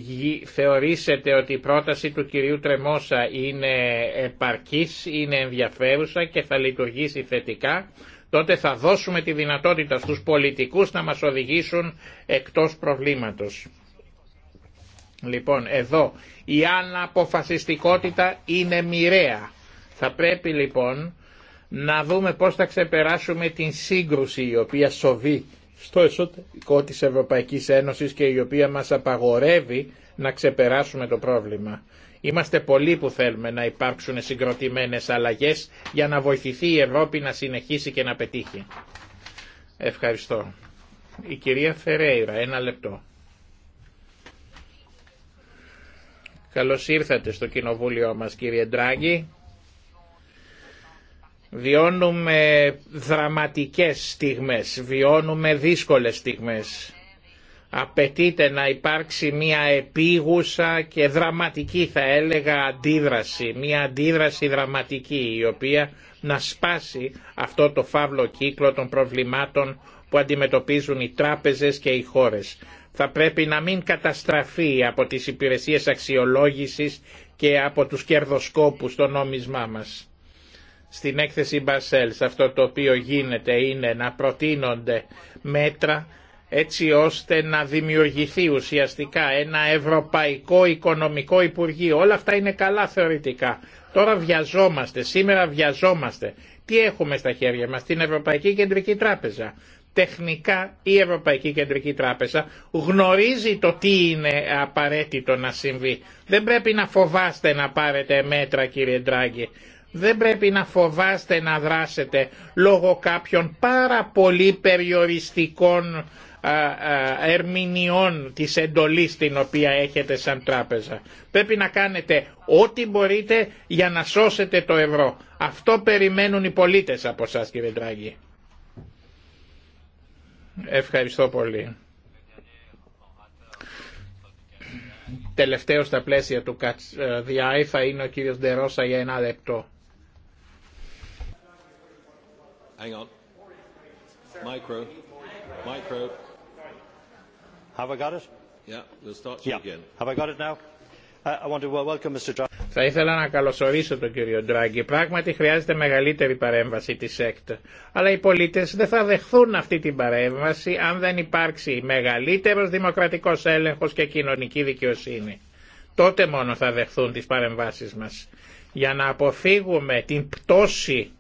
θεωρήσετε ότι η πρόταση του κυρίου Τρεμόσα είναι επαρκής, είναι ενδιαφέρουσα και θα λειτουργήσει θετικά, τότε θα δώσουμε τη δυνατότητα στους πολιτικούς να μας οδηγήσουν εκτός προβλήματος. Λοιπόν, εδώ η αναποφασιστικότητα είναι μοιραία. Θα πρέπει λοιπόν να δούμε πώς θα ξεπεράσουμε την σύγκρουση η οποία σοβεί στο εσωτερικό της Ευρωπαϊκής Ένωσης και η οποία μας απαγορεύει να ξεπεράσουμε το πρόβλημα. Είμαστε πολλοί που θέλουμε να υπάρξουν συγκροτημένες αλλαγές για να βοηθηθεί η Ευρώπη να συνεχίσει και να πετύχει. Ευχαριστώ. Η κυρία Φερέιρα, ένα λεπτό. Καλώς ήρθατε στο κοινοβούλιο μας κύριε Ντράγκη. Βιώνουμε δραματικές στιγμές, βιώνουμε δύσκολες στιγμές. Απαιτείται να υπάρξει μια επίγουσα και δραματική θα έλεγα αντίδραση, μια αντίδραση δραματική η οποία να σπάσει αυτό το φαύλο κύκλο των προβλημάτων που αντιμετωπίζουν οι τράπεζες και οι χώρες. Θα πρέπει να μην καταστραφεί από τις υπηρεσίες αξιολόγησης και από τους κερδοσκόπους το νόμισμά μας στην έκθεση σε Αυτό το οποίο γίνεται είναι να προτείνονται μέτρα έτσι ώστε να δημιουργηθεί ουσιαστικά ένα Ευρωπαϊκό Οικονομικό Υπουργείο. Όλα αυτά είναι καλά θεωρητικά. Τώρα βιαζόμαστε, σήμερα βιαζόμαστε. Τι έχουμε στα χέρια μας, την Ευρωπαϊκή Κεντρική Τράπεζα. Τεχνικά η Ευρωπαϊκή Κεντρική Τράπεζα γνωρίζει το τι είναι απαραίτητο να συμβεί. Δεν πρέπει να φοβάστε να πάρετε μέτρα κύριε Ντράγκη. Δεν πρέπει να φοβάστε να δράσετε λόγω κάποιων πάρα πολύ περιοριστικών ερμηνεών της εντολής την οποία έχετε σαν τράπεζα. Πρέπει να κάνετε ό,τι μπορείτε για να σώσετε το ευρώ. Αυτό περιμένουν οι πολίτες από σας κύριε Ντράγκη. Ευχαριστώ πολύ. Τελευταίο στα πλαίσια του ΚΑΤΣΔΙ ε, είναι ο κύριος Ντερόσα για ένα λεπτό. Θα ήθελα να καλωσορίσω τον κύριο Ντράγκη. Πράγματι χρειάζεται μεγαλύτερη παρέμβαση της ΕΚΤ. Αλλά οι πολίτες δεν θα δεχθούν αυτή την παρέμβαση αν δεν υπάρξει μεγαλύτερος δημοκρατικός έλεγχος και κοινωνική δικαιοσύνη. Τότε μόνο θα δεχθούν τις παρεμβάσεις μας. Για να αποφύγουμε την πτώση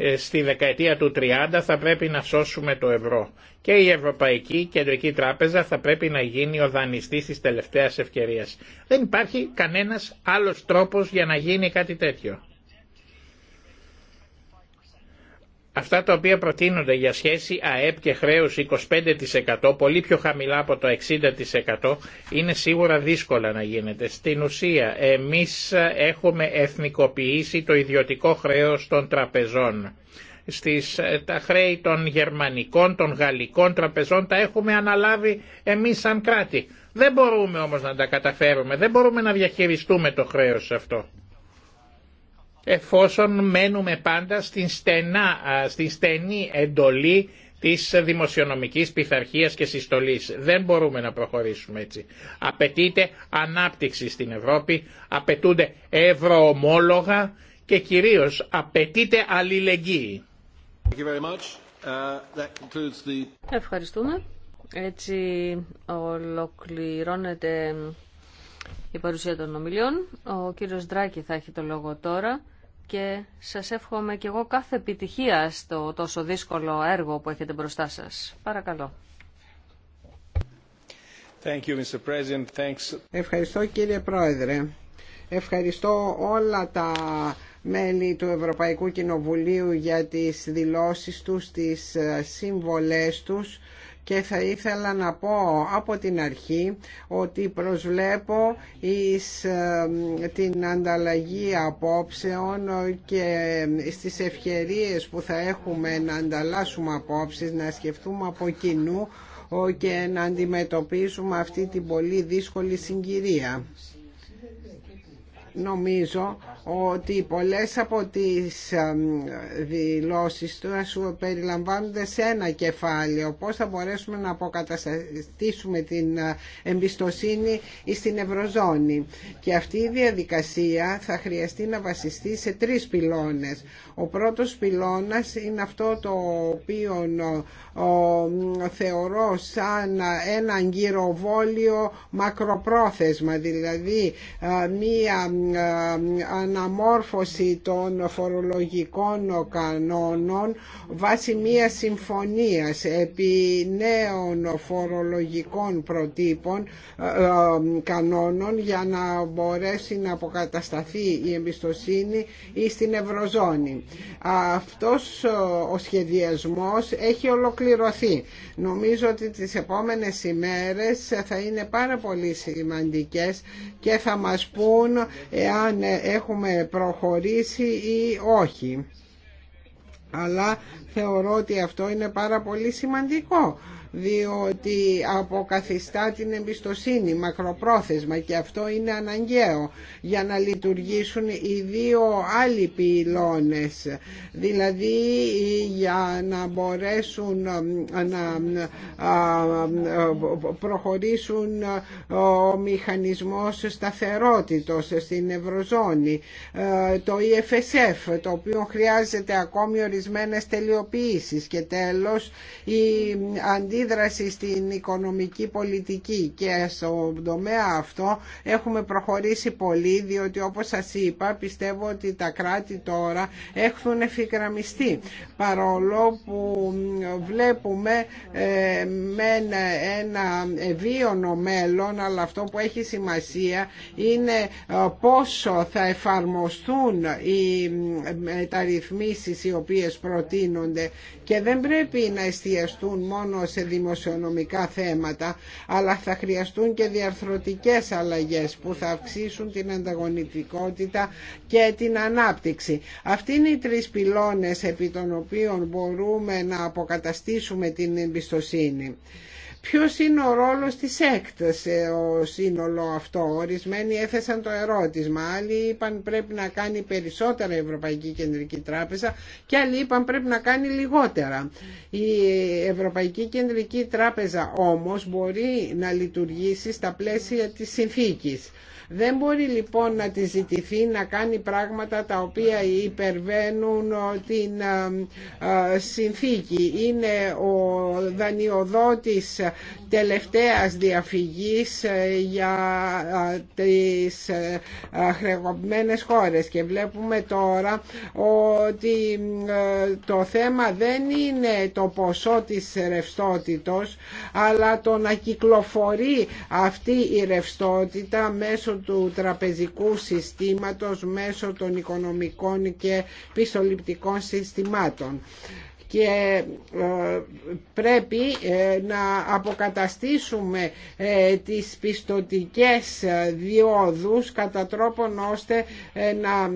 ε, στη δεκαετία του 30 θα πρέπει να σώσουμε το ευρώ και η Ευρωπαϊκή Κεντρική Τράπεζα θα πρέπει να γίνει ο δανειστής της τελευταίας ευκαιρίας. Δεν υπάρχει κανένας άλλος τρόπος για να γίνει κάτι τέτοιο. Αυτά τα οποία προτείνονται για σχέση ΑΕΠ και χρέους 25% πολύ πιο χαμηλά από το 60% είναι σίγουρα δύσκολα να γίνεται. Στην ουσία εμείς έχουμε εθνικοποιήσει το ιδιωτικό χρέος των τραπεζών. Στις, ε, τα χρέη των γερμανικών, των γαλλικών τραπεζών τα έχουμε αναλάβει εμείς σαν κράτη. Δεν μπορούμε όμως να τα καταφέρουμε, δεν μπορούμε να διαχειριστούμε το χρέος αυτό εφόσον μένουμε πάντα στην, στενά, στην στενή εντολή της δημοσιονομικής πειθαρχίας και συστολής. Δεν μπορούμε να προχωρήσουμε έτσι. Απαιτείται ανάπτυξη στην Ευρώπη, απαιτούνται ευρωομόλογα και κυρίως απαιτείται αλληλεγγύη. Uh, Ευχαριστούμε. Έτσι ολοκληρώνεται η παρουσία των ομιλιών. Ο κύριος Δράκη θα έχει το λόγο τώρα και σας εύχομαι και εγώ κάθε επιτυχία στο τόσο δύσκολο έργο που έχετε μπροστά σας. Παρακαλώ. President. Thanks. Ευχαριστώ κύριε Πρόεδρε. Ευχαριστώ όλα τα μέλη του Ευρωπαϊκού Κοινοβουλίου για τις δηλώσεις τους, τις ε, συμβολές τους και θα ήθελα να πω από την αρχή ότι προσβλέπω εις ε, την ανταλλαγή απόψεων και στις ευκαιρίες που θα έχουμε να ανταλλάσσουμε απόψεις, να σκεφτούμε από κοινού ε, και να αντιμετωπίσουμε αυτή την πολύ δύσκολη συγκυρία νομίζω ότι πολλές από τις δηλώσεις του σου περιλαμβάνονται σε ένα κεφάλαιο. Πώς θα μπορέσουμε να αποκαταστήσουμε την ε, εμπιστοσύνη στην Ευρωζώνη. Και αυτή η διαδικασία θα χρειαστεί να βασιστεί σε τρεις πυλώνες. Ο πρώτος πυλώνας είναι αυτό το οποίο ε, θεωρώ σαν ένα γυροβόλιο μακροπρόθεσμα, δηλαδή ε, μία αναμόρφωση των φορολογικών κανόνων βάσει μια συμφωνίας επί νέων φορολογικών προτύπων ε, ε, κανόνων για να μπορέσει να αποκατασταθεί η εμπιστοσύνη ή στην Ευρωζώνη. Αυτός ε, ο σχεδιασμός έχει ολοκληρωθεί. Νομίζω ότι τις επόμενες ημέρες θα είναι πάρα πολύ σημαντικές και θα μας πούν εάν ε, έχουμε προχωρήσει ή όχι αλλά θεωρώ ότι αυτό είναι πάρα πολύ σημαντικό διότι αποκαθιστά την εμπιστοσύνη μακροπρόθεσμα και αυτό είναι αναγκαίο για να λειτουργήσουν οι δύο άλλοι πυλώνες δηλαδή για να μπορέσουν ε, να ε, ε, προχωρήσουν ο μηχανισμός σταθερότητος στην Ευρωζώνη το EFSF το οποίο χρειάζεται ακόμη ορισμένες τελειοποιήσεις και τέλος η αντίδραση στην οικονομική πολιτική και στον τομέα αυτό έχουμε προχωρήσει πολύ διότι όπως σας είπα πιστεύω ότι τα κράτη τώρα έχουν εφικραμιστεί παρόλο που βλέπουμε ε, με ένα βίωνο μέλλον αλλά αυτό που έχει σημασία είναι ε, πόσο θα εφαρμοστούν οι μεταρρυθμίσεις οι οποίες προτείνονται και δεν πρέπει να εστιαστούν μόνο σε δημοσιονομικά θέματα αλλά θα χρειαστούν και διαρθρωτικές αλλαγές που θα αυξήσουν την ανταγωνιστικότητα και την ανάπτυξη. Αυτοί είναι οι τρεις πυλώνες επί των οποίων μπορούμε να αποκαταστήσουμε την εμπιστοσύνη. Ποιος είναι ο ρόλος της ΕΚΤ σε ο σύνολο αυτό. Ορισμένοι έθεσαν το ερώτημα. Άλλοι είπαν πρέπει να κάνει περισσότερα η Ευρωπαϊκή Κεντρική Τράπεζα και άλλοι είπαν πρέπει να κάνει λιγότερα. Η Ευρωπαϊκή Κεντρική Τράπεζα όμως μπορεί να λειτουργήσει στα πλαίσια της συνθήκης. Δεν μπορεί λοιπόν να τη ζητηθεί να κάνει πράγματα τα οποία υπερβαίνουν την ε, ε, συνθήκη. Είναι ο δανειοδότης τελευταίας διαφυγής ε, για ε, τις χρεγωμένες ε, χώρες και βλέπουμε τώρα ότι το θέμα δεν είναι το ποσό της ρευστότητος αλλά το να κυκλοφορεί αυτή η ρευστότητα μέσω του τραπεζικού συστήματος, μέσω των οικονομικών και πιστοληπτικών συστημάτων και ε, πρέπει ε, να αποκαταστήσουμε ε, τις πιστοτικές διόδους κατά τρόπον ώστε να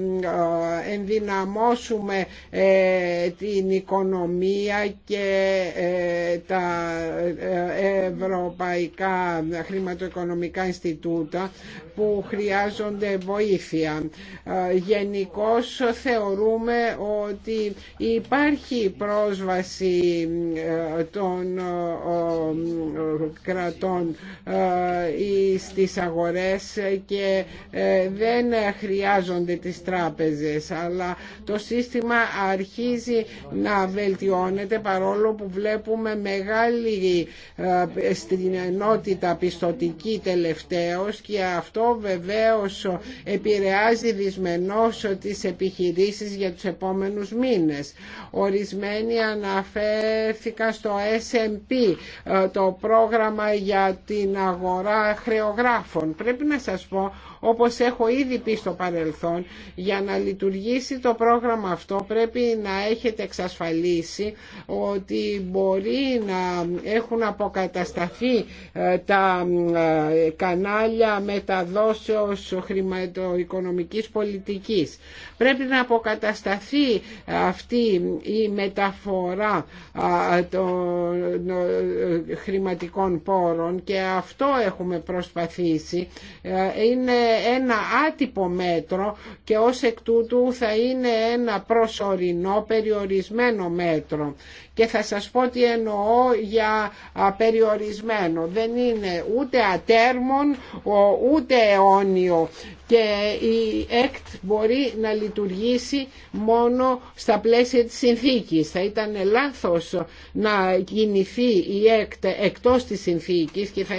ενδυναμώσουμε την οικονομία και τα ευρωπαϊκά χρηματοοικονομικά Ινστιτούτα που χρειάζονται βοήθεια. Γενικώ θεωρούμε ότι υπάρχει πρόβλημα πρόσβαση ε, των ε, ε, κρατών στις αγορές και δεν χρειάζονται τις τράπεζες αλλά το σύστημα αρχίζει να βελτιώνεται παρόλο που βλέπουμε μεγάλη στην ενότητα πιστοτική τελευταίως και αυτό βεβαίως επηρεάζει δυσμενώς τις επιχειρήσεις για τους επόμενους μήνες. Ορισμένοι αναφέρθηκα στο SMP, ε, το πρόγραμμα για την αγορά χρεογράφων. Πρέπει να σας πω όπως έχω ήδη πει στο παρελθόν για να λειτουργήσει το πρόγραμμα αυτό πρέπει να έχετε εξασφαλίσει ότι μπορεί να έχουν αποκατασταθεί ε, τα ε, κανάλια μεταδόσεως χρηματοοικονομικής πολιτικής. Πρέπει να αποκατασταθεί αυτή η μεταφορά των ε, χρηματικών πόρων και αυτό έχουμε προσπαθήσει. Είναι ένα άτυπο μέτρο και ως εκ τούτου θα είναι ένα προσωρινό περιορισμένο μέτρο και θα σας πω τι εννοώ για περιορισμένο δεν είναι ούτε ατέρμον ούτε αιώνιο και η ΕΚΤ μπορεί να λειτουργήσει μόνο στα πλαίσια της συνθήκης. Θα ήταν λάθος να κινηθεί η ΕΚΤ εκτός της συνθήκης και θα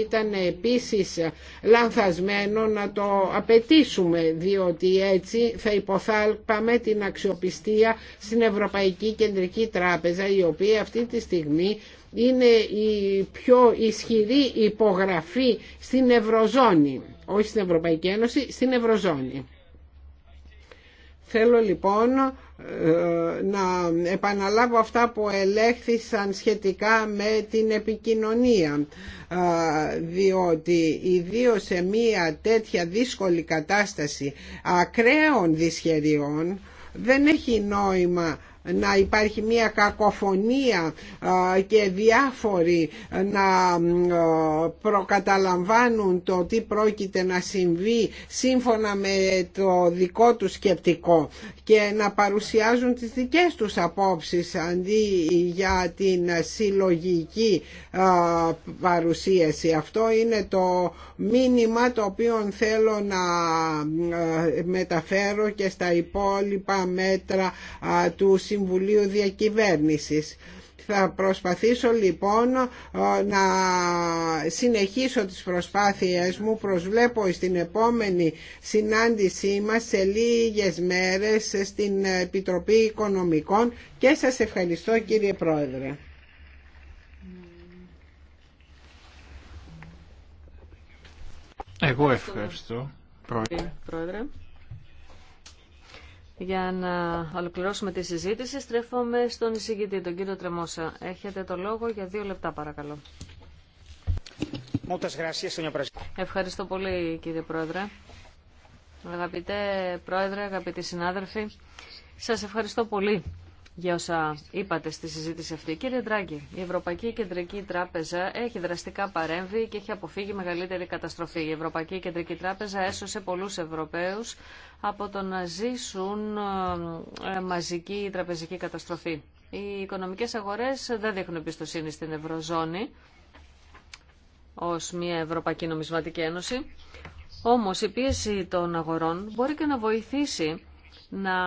ήταν επίσης λανθασμένο να το απαιτήσουμε διότι έτσι θα υποθάλπαμε την αξιοπιστία στην Ευρωπαϊκή Κεντρική Τράπεζα η οποία αυτή τη στιγμή είναι η πιο ισχυρή υπογραφή στην Ευρωζώνη, όχι στην Ευρωπαϊκή Ένωση, στην Ευρωζώνη. Θέλω λοιπόν ε, να επαναλάβω αυτά που ελέγχθησαν σχετικά με την επικοινωνία ε, διότι ιδίω σε μια τέτοια δύσκολη κατάσταση ακραίων δυσχεριών δεν έχει νόημα να υπάρχει μια κακοφωνία και διάφοροι να προκαταλαμβάνουν το τι πρόκειται να συμβεί σύμφωνα με το δικό του σκεπτικό και να παρουσιάζουν τις δικές τους απόψεις αντί για την συλλογική παρουσίαση. Αυτό είναι το μήνυμα το οποίο θέλω να μεταφέρω και στα υπόλοιπα μέτρα του Συμβουλίου Διακυβέρνησης. Θα προσπαθήσω λοιπόν να συνεχίσω τις προσπάθειές μου. Προσβλέπω στην επόμενη συνάντησή μας σε λίγες μέρες στην Επιτροπή Οικονομικών και σας ευχαριστώ κύριε Πρόεδρε. Εγώ ευχαριστώ. Πρόεδρε. Πρόεδρε. Για να ολοκληρώσουμε τη συζήτηση, στρέφομαι στον εισηγητή, τον κύριο Τρεμόσα. Έχετε το λόγο για δύο λεπτά, παρακαλώ. Ευχαριστώ πολύ, κύριε Πρόεδρε. Αγαπητέ Πρόεδρε, αγαπητοί συνάδελφοι, σας ευχαριστώ πολύ για όσα είπατε στη συζήτηση αυτή. Κύριε Ντράγκη, η Ευρωπαϊκή Κεντρική Τράπεζα έχει δραστικά παρέμβει και έχει αποφύγει μεγαλύτερη καταστροφή. Η Ευρωπαϊκή Κεντρική Τράπεζα έσωσε πολλούς Ευρωπαίους από το να ζήσουν ε, ε, μαζική τραπεζική καταστροφή. Οι οικονομικές αγορές δεν δείχνουν εμπιστοσύνη στην Ευρωζώνη ως μια Ευρωπαϊκή Νομισματική Ένωση. Όμως η πίεση των αγορών μπορεί και να βοηθήσει να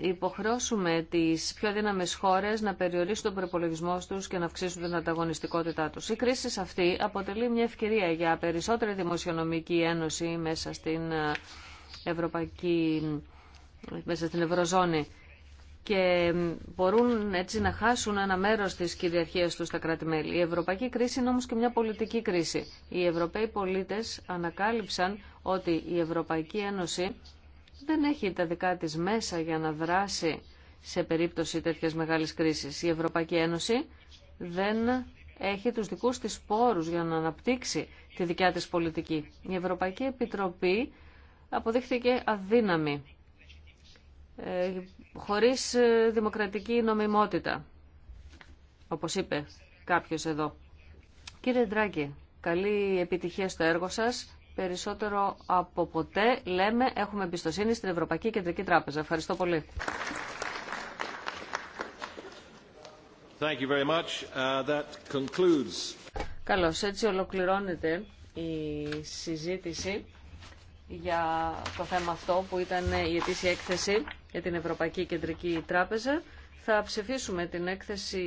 υποχρέωσουμε τις πιο δύναμες χώρε να περιορίσουν τον προπολογισμό τους και να αυξήσουν την ανταγωνιστικότητά του. Η κρίση αυτή αποτελεί μια ευκαιρία για περισσότερη δημοσιονομική ένωση μέσα στην ε, Ευρωπαϊκή, μέσα στην Ευρωζώνη και μπορούν έτσι να χάσουν ένα μέρος της κυριαρχίας τους στα κράτη-μέλη. Η ευρωπαϊκή κρίση είναι όμως και μια πολιτική κρίση. Οι Ευρωπαίοι πολίτες ανακάλυψαν ότι η Ευρωπαϊκή Ένωση δεν έχει τα δικά της μέσα για να δράσει σε περίπτωση τέτοιας μεγάλης κρίσης. Η Ευρωπαϊκή Ένωση δεν έχει τους δικούς της πόρους για να αναπτύξει τη δικιά της πολιτική. Η Ευρωπαϊκή Επιτροπή αποδείχθηκε αδύναμη, ε, χωρίς ε, δημοκρατική νομιμότητα, όπως είπε κάποιος εδώ. Κύριε Ντράκη, καλή επιτυχία στο έργο σας περισσότερο από ποτέ λέμε έχουμε εμπιστοσύνη στην Ευρωπαϊκή Κεντρική Τράπεζα. Ευχαριστώ πολύ. Thank uh, Καλώς, έτσι ολοκληρώνεται η συζήτηση για το θέμα αυτό που ήταν η ετήσια έκθεση για την Ευρωπαϊκή Κεντρική Τράπεζα. Θα ψηφίσουμε την έκθεση